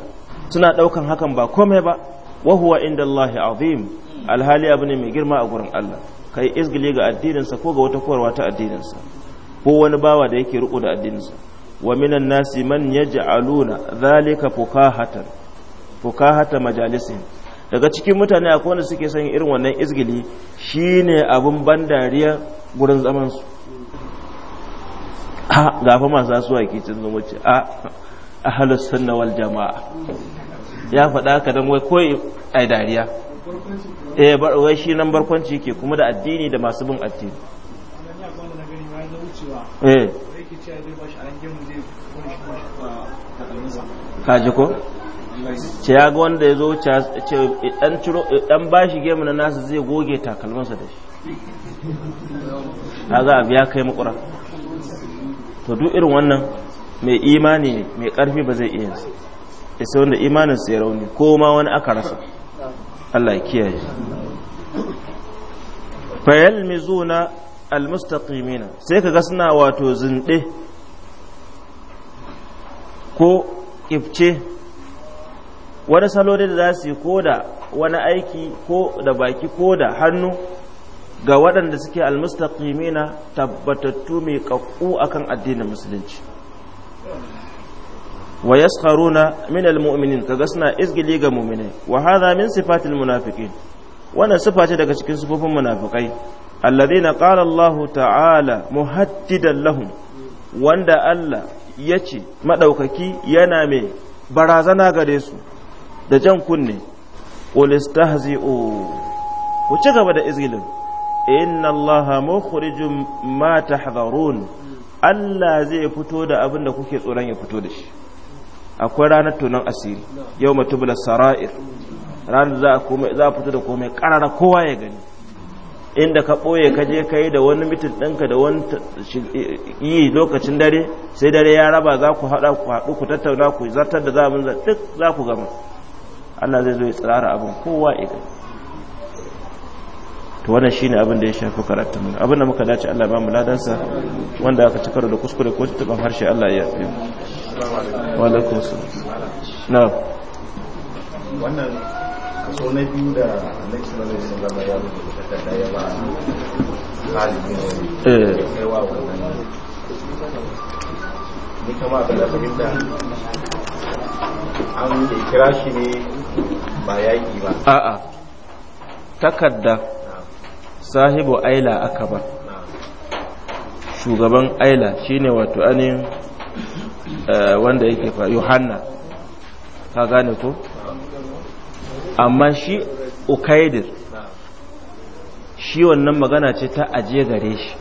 suna daukan hakan ba komai ba wa huwa indallahi azim alhali abu ne mai girma a gurin Allah kai izgili ga addininsa ko ga wata korwa ta addininsa ko wani bawa da yake riko da addinin sa wa minan nasi man yaj'aluna dhalika fukahatan fukahata majalisin daga cikin mutane akwai wanda suke son irin wannan izgili shine abun ban dariya gurin zaman su a gafa masu asuwa ke cin zumunci a ahalus sunna wal jama'a ya faɗa ka dan wai koyi ai dariya eh bar wai shi nan barkwanci yake kuma da addini da masu bin addini eh kaji ko ce ya ga wanda ya zo ce dan ciro dan bashi gemu na nasu zai goge takalmansa da shi kaga abu ya kai makura to duk irin wannan mai imani mai karfi ba zai iya yinsa sai wanda imanin ya rauni ko ma wani aka rasa Allah ya kiyaye yalmizuna almustaqimina sai kaga suna wato zinde ko ifce wani salo da za su yi ko da wani aiki ko da baki ko da hannu ga waɗanda suke almustaqimina tabbatattu mai kakku akan addinin musulunci wa yaskharuna min almu'minin kaga suna izgili ga mu'minai wa hadha min sifatil munafiqin wannan sifa ce daga cikin sifofin munafikai alladhina qala Allah ta'ala muhaddidan lahum wanda Allah ya ce maɗaukaki yana mai barazana gare su da jan kunne ulistahzi'u ku ci gaba da izgilin inna allaha mukhrijum ma tahdharun Allah zai fito da abin da kuke tsoron ya fito da shi akwai ranar tunan asiri yau matubula sara'ir ranar za a fito da komai ƙarara kowa ya gani inda ka ɓoye ka je ka yi da wani mitin ɗinka da wani yi lokacin dare sai dare ya raba za ku haɗa ku haɗu ku tattauna ku zartar da za mu duk za ku gama Allah zai zo ya tsirara abin kowa iga to wannan shine abin da ya shafi karatun mu abin da muka dace Allah ba mu ladansa wanda aka cikar da kuskure ko tuban harshe Allah ya yi wa alaikum wannan so na biyu da lecturer zai sun gaba ya rubuta takarda ya ba halin yawon eh. ya kai wa wannan ni kama abin da fahimta an da kira shi ne ba yaƙi ba a'a takarda sahibu aila aka ba shugaban aila shine wato anin eh, wanda yake fa yohanna ka gane ko amma shi ukaidir shi wannan magana ce ta ajiye gare shi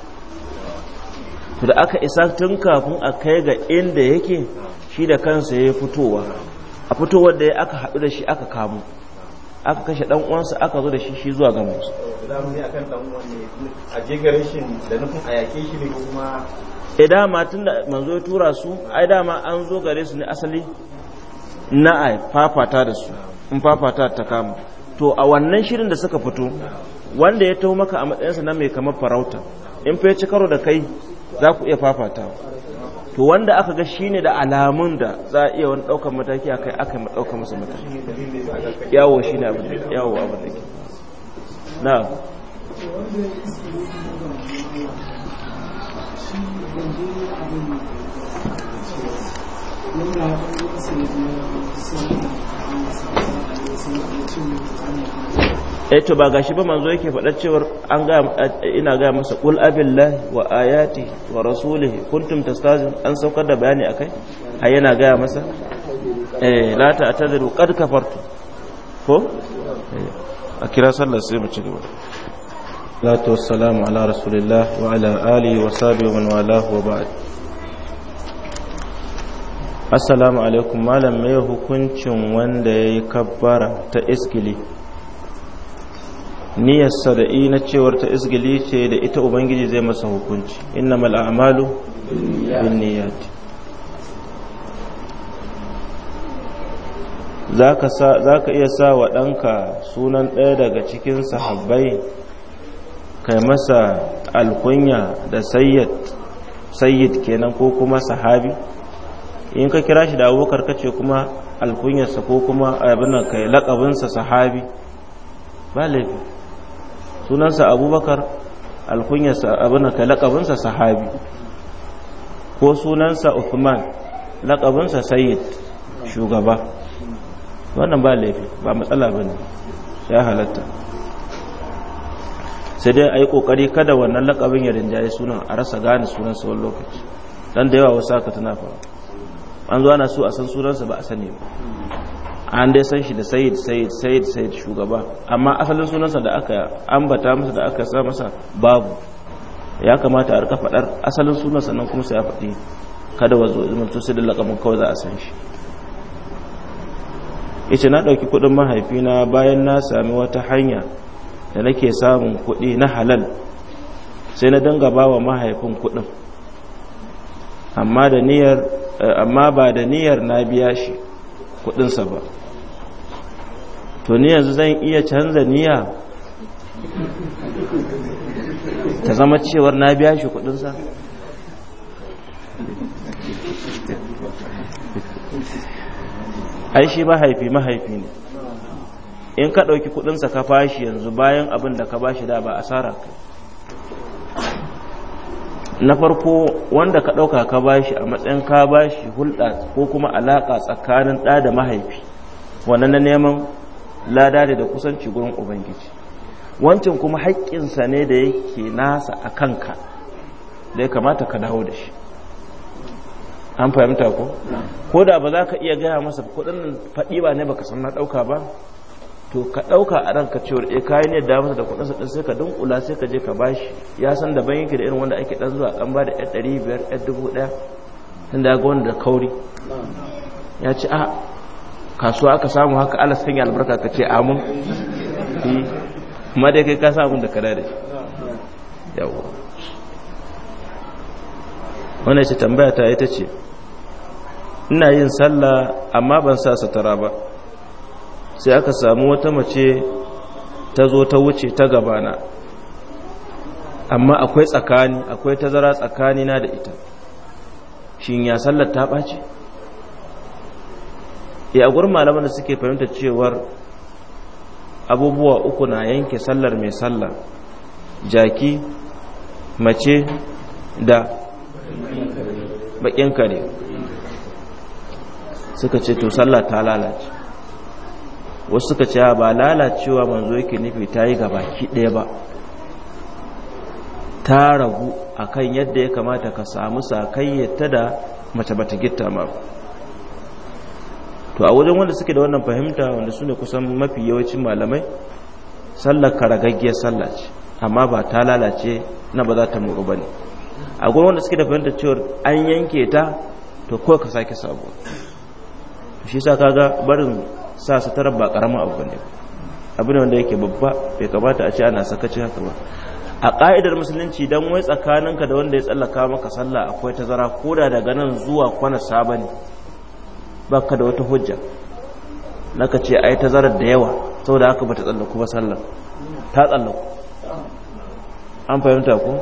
to da aka isa tun kafin a kai ga inda yake shi da kansa ya fitowa a fitowar da ya aka haɗu da shi aka kamu aka kashe ɗan uwansa aka zo da shi shi zuwa ga musu e dama tun da manzo tura su ai dama an zo gare su ne asali na a fafata da su in fafata ta kama to a wannan shirin da suka fito wanda ya taho maka a matsayinsa na mai kamar farauta in fa ya ci karo da kai za ku iya fafata to wanda aka ga shine da alamun da za a iya wani ɗaukar mataki a kai aka ɗaukar masa mataki yawo shi ne abin da yawo abin da ke na Eh to ba gashi ba manzo yake faɗa cewar an ga ina ga masa qul abillahi wa ayati wa rasulihi kuntum tastazin an saukar da bayani akai a yana ga masa eh la ta'tadiru qad kafartu ko a kira sallar sai mu ci gaba salatu wassalamu ala rasulillah wa ala alihi wa sahbihi wa man walahu wa ba'd assalamu alaikum malam mai hukuncin wanda ya yi kabbara ta iskili niyyar sada'i na cewar ta iskili ce da ita ubangiji zai masa hukunci inna mal'amalu bin niyyati za ka iya sa wa ɗanka sunan ɗaya daga cikin sahabbai kai masa alkunya da sayyid kenan ko kuma sahabi in ka kira shi da abubakar kace kuma alkunyarsa ko kuma abin kai lakabinsa sahabi ba laifi sunansa abubakar alkunyarsa abin kai lakabinsa sahabi ko sunansa uthman lakabinsa sayyid shugaba wannan ba laifi ba matsala ba ne ya halatta sai dai a yi kokari kada wannan lakabin ya rinjaye sunan a rasa gane sunan tsawon lokaci dan da yawa wasu aka tana faru an zo ana so a san sunansa ba a sani ba an dai san shi da sayid sayid sayid sayid shugaba amma asalin sunansa da aka ambata masa da aka sa masa babu ya kamata a rika faɗar asalin sunansa nan kuma sai ya faɗi kada wazo zuma to sai da lakabin kawai za a san shi yace na ɗauki kuɗin mahaifina bayan na sami wata hanya da nake samun kuɗi na halal sai na danga bawa mahaifin kuɗin amma da niyyar Eh, amma ba da niyyar na biya shi kudinsa ba to ni yanzu zan iya canza niyya ta zama cewar na biya shi kudinsa ai shi mahaifi mahaifi ne in ka ɗauki kudinsa ka fashi yanzu bayan abin da ka bashi da ba asara kai na farko wanda ka ɗauka ka bashi a matsayin ka bashi hulɗa ko kuma alaƙa tsakanin ɗa da mahaifi wannan na neman lada da kusanci gurin ubangiji wancan kuma haƙƙinsa ne da yake nasa a kanka da ya kamata ka dawo da shi an fahimta ko ko da ba za ka iya gaya masa kuɗin faɗi ba ne baka san na ɗauka ba to ka ɗauka a ranka cewar e eh, kayan da masa da kuɗinsa ɗin sai ka dunkula sai ka je ka bashi ya san da ban yake da irin wanda ake ɗan zuwa kan ba da 1500 ɗari biyar dubu ɗaya tun da ga wanda da kauri ya ce a ah, kasuwa aka samu haka Allah sanya albarka ka ce amin eh, kuma dai kai ka samu da ka da shi wannan ce tambaya ta ita ce ina yin sallah amma ban sa satara ba sai aka samu wata mace ta zo ta wuce ta gabana amma akwai tsakani akwai tazara tsakani na da ita shin ya sallar ta ɓace ya eh, gurin malaman da suke fahimta cewar abubuwa uku na yanke sallar mai sallah jaki mace da bakin kare suka ce to sallar ta lalace wasu suka ce ba lalacewa manzo yake nufi ta yi gabaki ɗaya ba ta ragu akan yadda ya kamata ka samu sakayyata da mace bata gita ma to a wajen wanda suke da wannan fahimta wanda su ne kusan mafi yawancin malamai sallar karagaggiyar sallah ce amma ba ta lalace na ba za ta muru ba ne a gurin wanda suke da fahimta cewar an yanke ta to kawai ka sake sabo shi sa kaga barin sa su tarar ba karamin abu ne abin wanda yake babba bai kamata a ce ana sakaci haka ba a ƙa'idar musulunci don wai tsakaninka da wanda ya tsallaka maka sallah akwai tazara da daga nan zuwa kwana sabani baka da wata hujja na ka ce ai tazarar da yawa saboda haka bata tsallaku ba sallar ta tsallaku an fahimta ko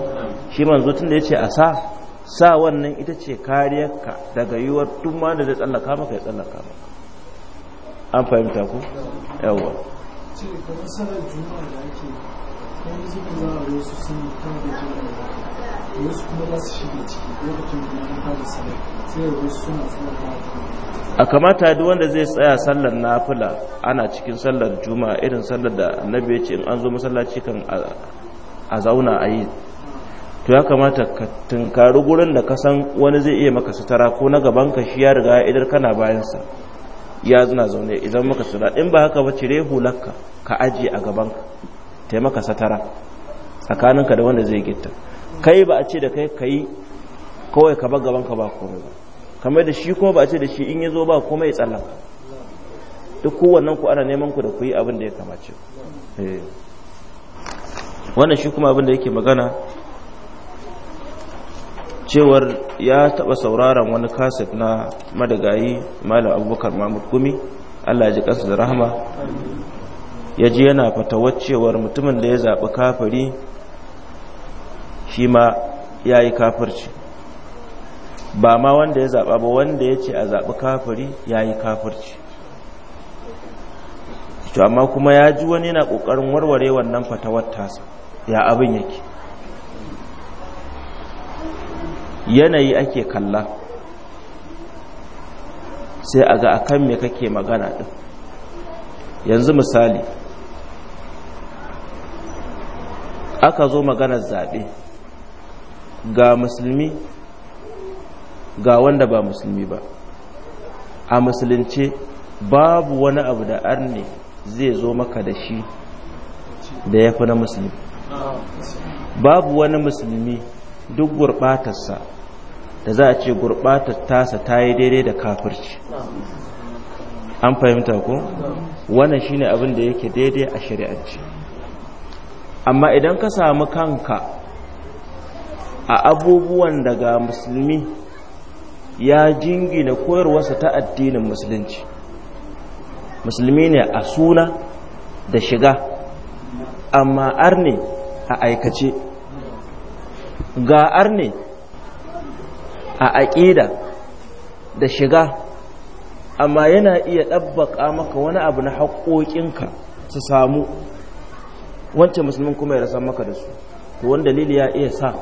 shi manzo ya ce a sa sa wannan ita ce kariyarka daga yiwuwar duk da zai tsallaka maka ya tsallaka maka an fahimta ku yawon a kamata duk wanda zai tsaya sallar nafila ana cikin sallar juma'a irin sallar da annabi ya ce in an zo masallaci kan a zauna a yi to ya kamata ka tunkari gurin da ka san wani zai iya maka sutara ko na gaban ka shi ya riga idan idar kana bayansa ya zina zaune idan muka tsira in ba haka ba cire hularka ka aji a gaban ka satara tsakaninka da wanda zai gitta kai ba a ce da kai kai kawai ka bar gaban ka ba komai ba kamar da shi kuma ba a ce da shi in ya zo ba komai ya tsallaka duk kowannan ku ana neman ku da ku yi abin da ya kamace eh. wannan shi kuma abin da yake magana cewar ya taɓa sauraron wani kaset na madagayi malam abubakar mahmud gumi allah ya ji kansa da rahama ya ji yana fatawar cewar mutumin da ya zaɓi kafari shi ma ya yi kafirci ba ma wanda ya zaɓa ba wanda ya ce a zaɓi kafari ya yi kafirci amma kuma ya ji wani yana ƙoƙarin warware wannan fatawar tasa ya abin yake yanayi ake kalla sai a ga akan me kake magana din yanzu misali aka zo maganar zaɓe ga musulmi ga wanda ba musulmi ba a musulunce babu wani abu da arne zai zo maka da shi da ya fi na musulmi babu wani musulmi duk gurɓatarsa da za a ce gurɓatar tasa ta yi daidai da kafirci an fahimta ku? wannan shine abin da yake daidai a shari'arci amma idan ka samu kanka a abubuwan daga musulmi ya jingina koyarwarsa ta addinin musulunci musulmi ne a suna da shiga amma arne a aikace ga arne a aƙida da shiga amma yana iya ɗabbaƙa maka wani abu na haƙoƙinka su samu wancan musulmin kuma ya san maka da su to wani dalili ya iya sa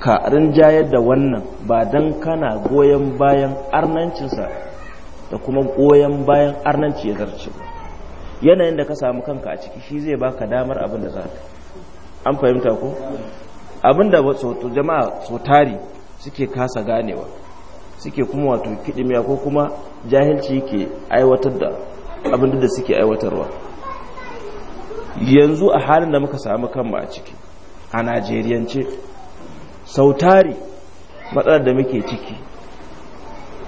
ka rinjayar da wannan ba don kana goyon bayan arnancinsa da kuma goyon bayan arnanci ya zarce yanayin da ka samu kanka a ciki shi zai baka damar abin da za ka an fahimta ko abin da jama'a so suke kasa ganewa suke kuma wato kidimiya ko kuma jahilci ke aiwatar da abin da suke aiwatarwa yanzu a halin da muka samu kanmu a ciki a najeriyance sautari matsalar da muke ciki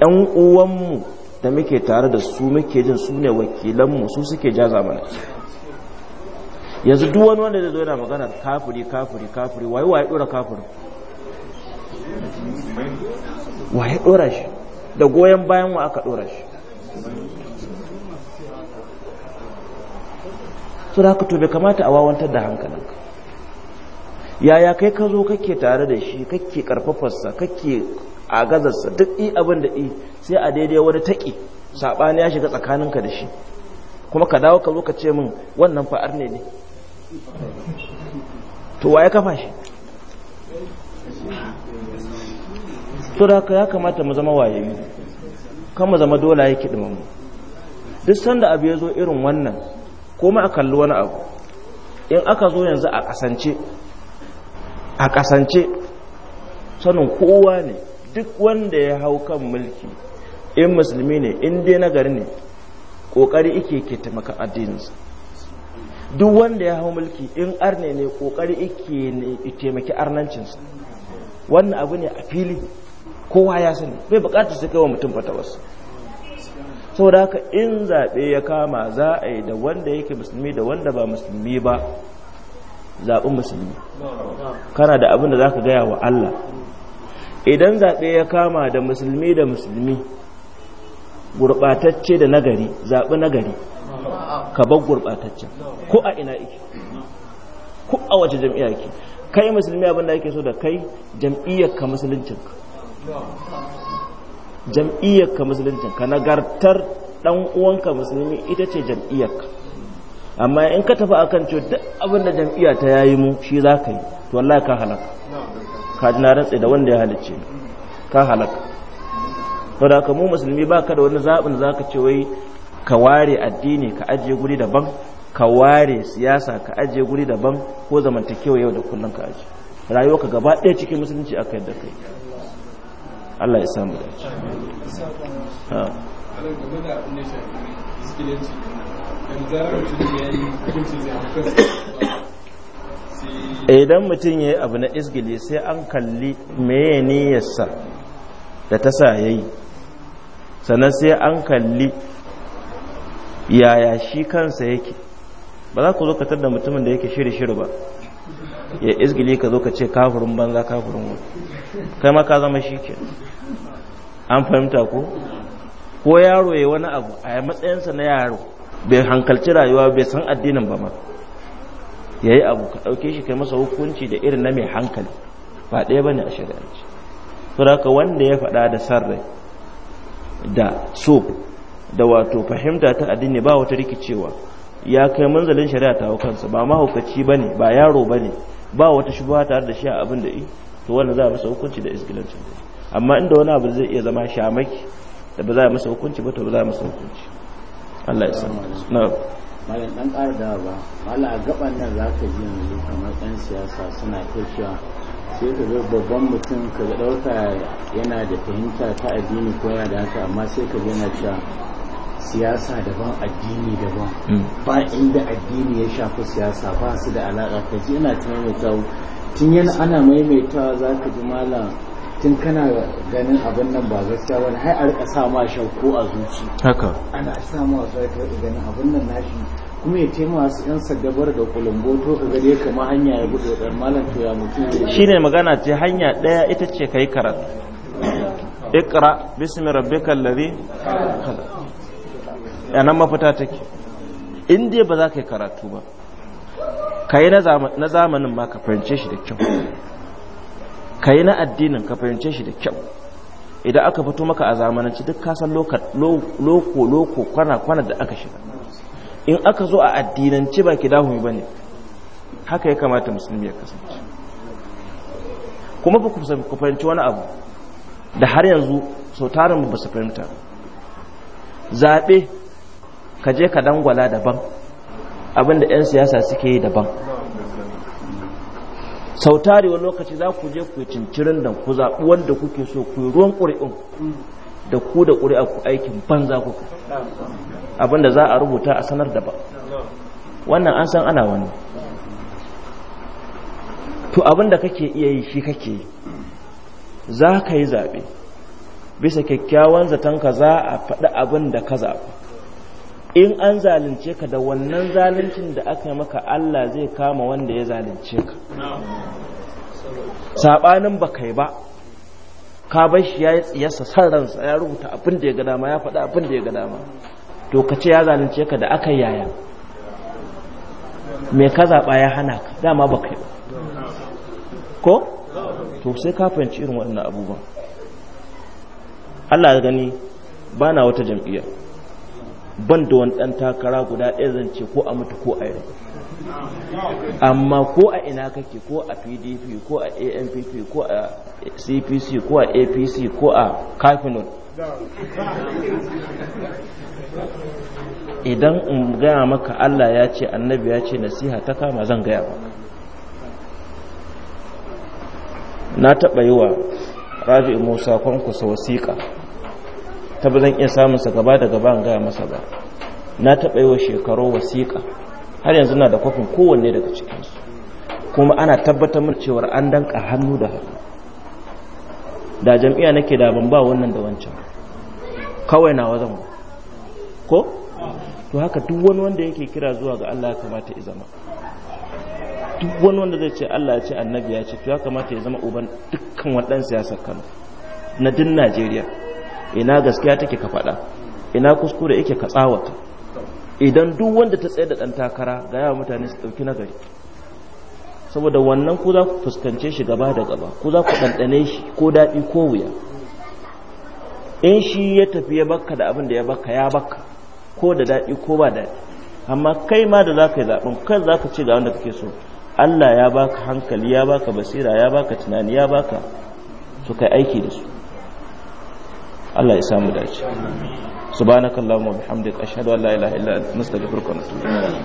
‘yan uwanmu da muke tare da su muke jin su ne wakilanmu su suke jaza mana yanzu duk wani wanda zai zo yana magana kafuri kafuri kafuri waye waye dora kafuri wa ya ɗora shi da goyon bayan wa aka ɗora shi su da to bai kamata a wawantar da hankalinka yaya kai ka zo kake tare da shi kake karfafarsa kake a gazarsa duk i abin da i sai a daidai wani taƙi saɓani ya shiga tsakaninka da shi kuma ka dawo ka zo ka ce min wannan fa'ar ne ne to waye kafa shi to ya kamata mu zama wayayi kan mu zama dola yake dimin mu duk sanda abu ya zo irin wannan ko ma a kalli wani abu in aka zo yanzu a kasance a kasance sanin kowa ne duk wanda ya hau kan mulki in musulmi ne in dai nagari ne kokari ike ke maka addininsa duk wanda ya hau mulki in arne ne kokari ike ne taimaki arnancinsa wannan abu ne a fili kowa ya sani bai bukatar su kai wa mutum Sau da haka in zaɓe ya kama za a yi da wanda yake musulmi da wanda ba musulmi ba zaɓin musulmi kana da abin da za ka gaya wa Allah idan zaɓe ya kama da musulmi da musulmi gurɓatacce da nagari zaɓi nagari ka bar gurɓatacce ko a ina ike ko a wace jam'iyya ke kai musulmi abin da ake so da kai jam'iyyar ka musuluncinka jam'iyyarka musuluncin ka nagartar dan uwanka musulmi ita ce jam'iyyarka amma in ka tafi akan cewa duk abin da jam'iyya ta yayi mu shi za ka yi to wallahi ka halaka ka ji na rantsi da wanda ya halicce ka halaka to da ka musulmi ba ka da wani zaɓin za ka ce wai ka ware addini ka ajiye guri daban ka ware siyasa ka ajiye guri daban ko zamantakewa yau da kullum ka ajiye rayuwa ka gaba ɗaya cikin musulunci aka yadda kai Allah ya samu da idan mutum ya yi abu na isgili sai an kalli meye niyyarsa da ta sa ya yi sannan sai an kalli yaya shi kansa yake ba za ku zo ka da mutumin da yake shiri-shiri ba ya isgili ka zo ka ce kafurin banza kafurin wani kai ma ka zama shi ke an fahimta ko ko yaro ya wani abu a matsayinsa na yaro bai hankalci rayuwa bai san addinin ba ma ya yi abu ka ɗauke shi kai masa hukunci da irin na mai hankali ba ɗaya ba ne a shari'arci saboda wanda ya faɗa da sarrai da so da wato fahimta ta addini ba wata rikicewa ya kai manzalin shari'a ta kansa ba mahaukaci ba ne ba yaro ba ne ba wata shubuwa tare da shi a abin da yi to wannan za a masa hukunci da iskilancin amma inda wani abu zai iya zama shamaki da ba za a masa hukunci ba to ba za a masa hukunci Allah ya sami na malin dan ƙara da ba mala a gaban nan za ka ji yanzu kamar ɗan siyasa suna kirkiya sai ka ga babban mutum ka ga ɗauka yana da fahimta ta addini ko yana da haka amma sai ka ga yana cewa siyasa daban addini daban hmm. ba inda addini ya shafi siyasa ba su da alaƙa ka ji yana tunanin tun yana ana maimaitawa za ka ji malam tun kana ganin abin nan ba gaskiya wani hai a rika sa ma shauko a zuci haka ana sa ma wasu rika ganin abin nan nashi kuma ya ce masu yan sagabar da to ka gare kama hanya ya gudu da malam to ya mutu ne magana ce hanya daya ita ce kai karatu ikra bismi rabbikal ladhi khalaq yana mafita take in dai ba za ka yi karatu ba ka yi na zamanin ma ka fahimce shi da kyau ka yi na addinin ka fahimce shi da kyau idan aka fito maka a zamananci duk kasan loko-loko kwana-kwana da aka shiga in aka zo a addinanci ba ki dahu ba ne haka ya kamata musulmi ya kasance kuma ba ku fahimci wani abu da har yanzu sau tarin ba su fahimta zaɓe ka je ka dangwala daban abinda 'yan siyasa suke yi daban sautari wani lokaci za ku je ku cincirin da ku zaɓi wanda kuke so ku yi ruwan ƙuri'un da ku da ƙuri'a ku aikin ban za ku abinda za a rubuta a sanar da ba wannan an san ana wani to abinda kake iya yi shi kake yi za ka yi zaɓe bisa kyakkyawan zaton ka za a faɗi abin da ka zaɓe. in an zalunce ka da wannan zaluncin da aka yi maka Allah zai kama wanda ya zalunce ka sabanin ba kai ba ka bar shi ya yi tsiyarsa san ransa ya rubuta abin da ya ga dama ya faɗa abin da ya ga dama to ka ce ya zalunce ka da aka yaya me ka zaɓa ya hana ka dama ba kai ba ko to sai ka fahimci irin waɗannan abubuwan Allah ya gani ba na wata jam'iyyar ban da wani ɗan takara guda ɗaya zan ce ko a mutu ko a yau amma ko a ina kake ko a pdp ko a ampp ko a cpc ko a apc ko a kafinon idan in gaya maka allah ya ce annabi ya ce nasiha ta kama zan gaya maka na taɓa yi wa rabi musa kwankwasa wasiƙa ta ba zan iya samunsa gaba da gaba in gaya masa ba na taɓa yi wa shekaru wasiƙa har yanzu na da kwafin kowanne daga cikinsu kuma ana tabbatar mun cewar an danka hannu da hannu da jam'iyya nake da ban ba wannan da wancan kawai na wazan ko to haka duk wani wanda yake kira zuwa ga Allah ya kamata ya zama duk wani wanda zai ce Allah ya ce annabi ya ce to ya kamata ya zama uban dukkan waɗansu ya Kano na din Najeriya ina gaskiya take ka faɗa ina kuskure yake ka tsawata idan duk wanda ta tsaye da ɗan takara ga yawa mutane su ɗauki nagari saboda wannan ku za ku fuskance shi gaba da gaba ku za ku ɗanɗane shi ko daɗi ko wuya in shi ya tafi ya bakka da abin da ya bakka ya bakka ko da daɗi ko ba daɗi amma kai ma da za ka yi zaɓen kan za ka ce ga wanda kake so Allah ya baka hankali ya baka basira ya baka tunani ya baka su kai aiki da su Allah ya samu dace subhanakallahumma wa bihamdika ashhadu an la ilaha illa anta astaghfiruka wa atubu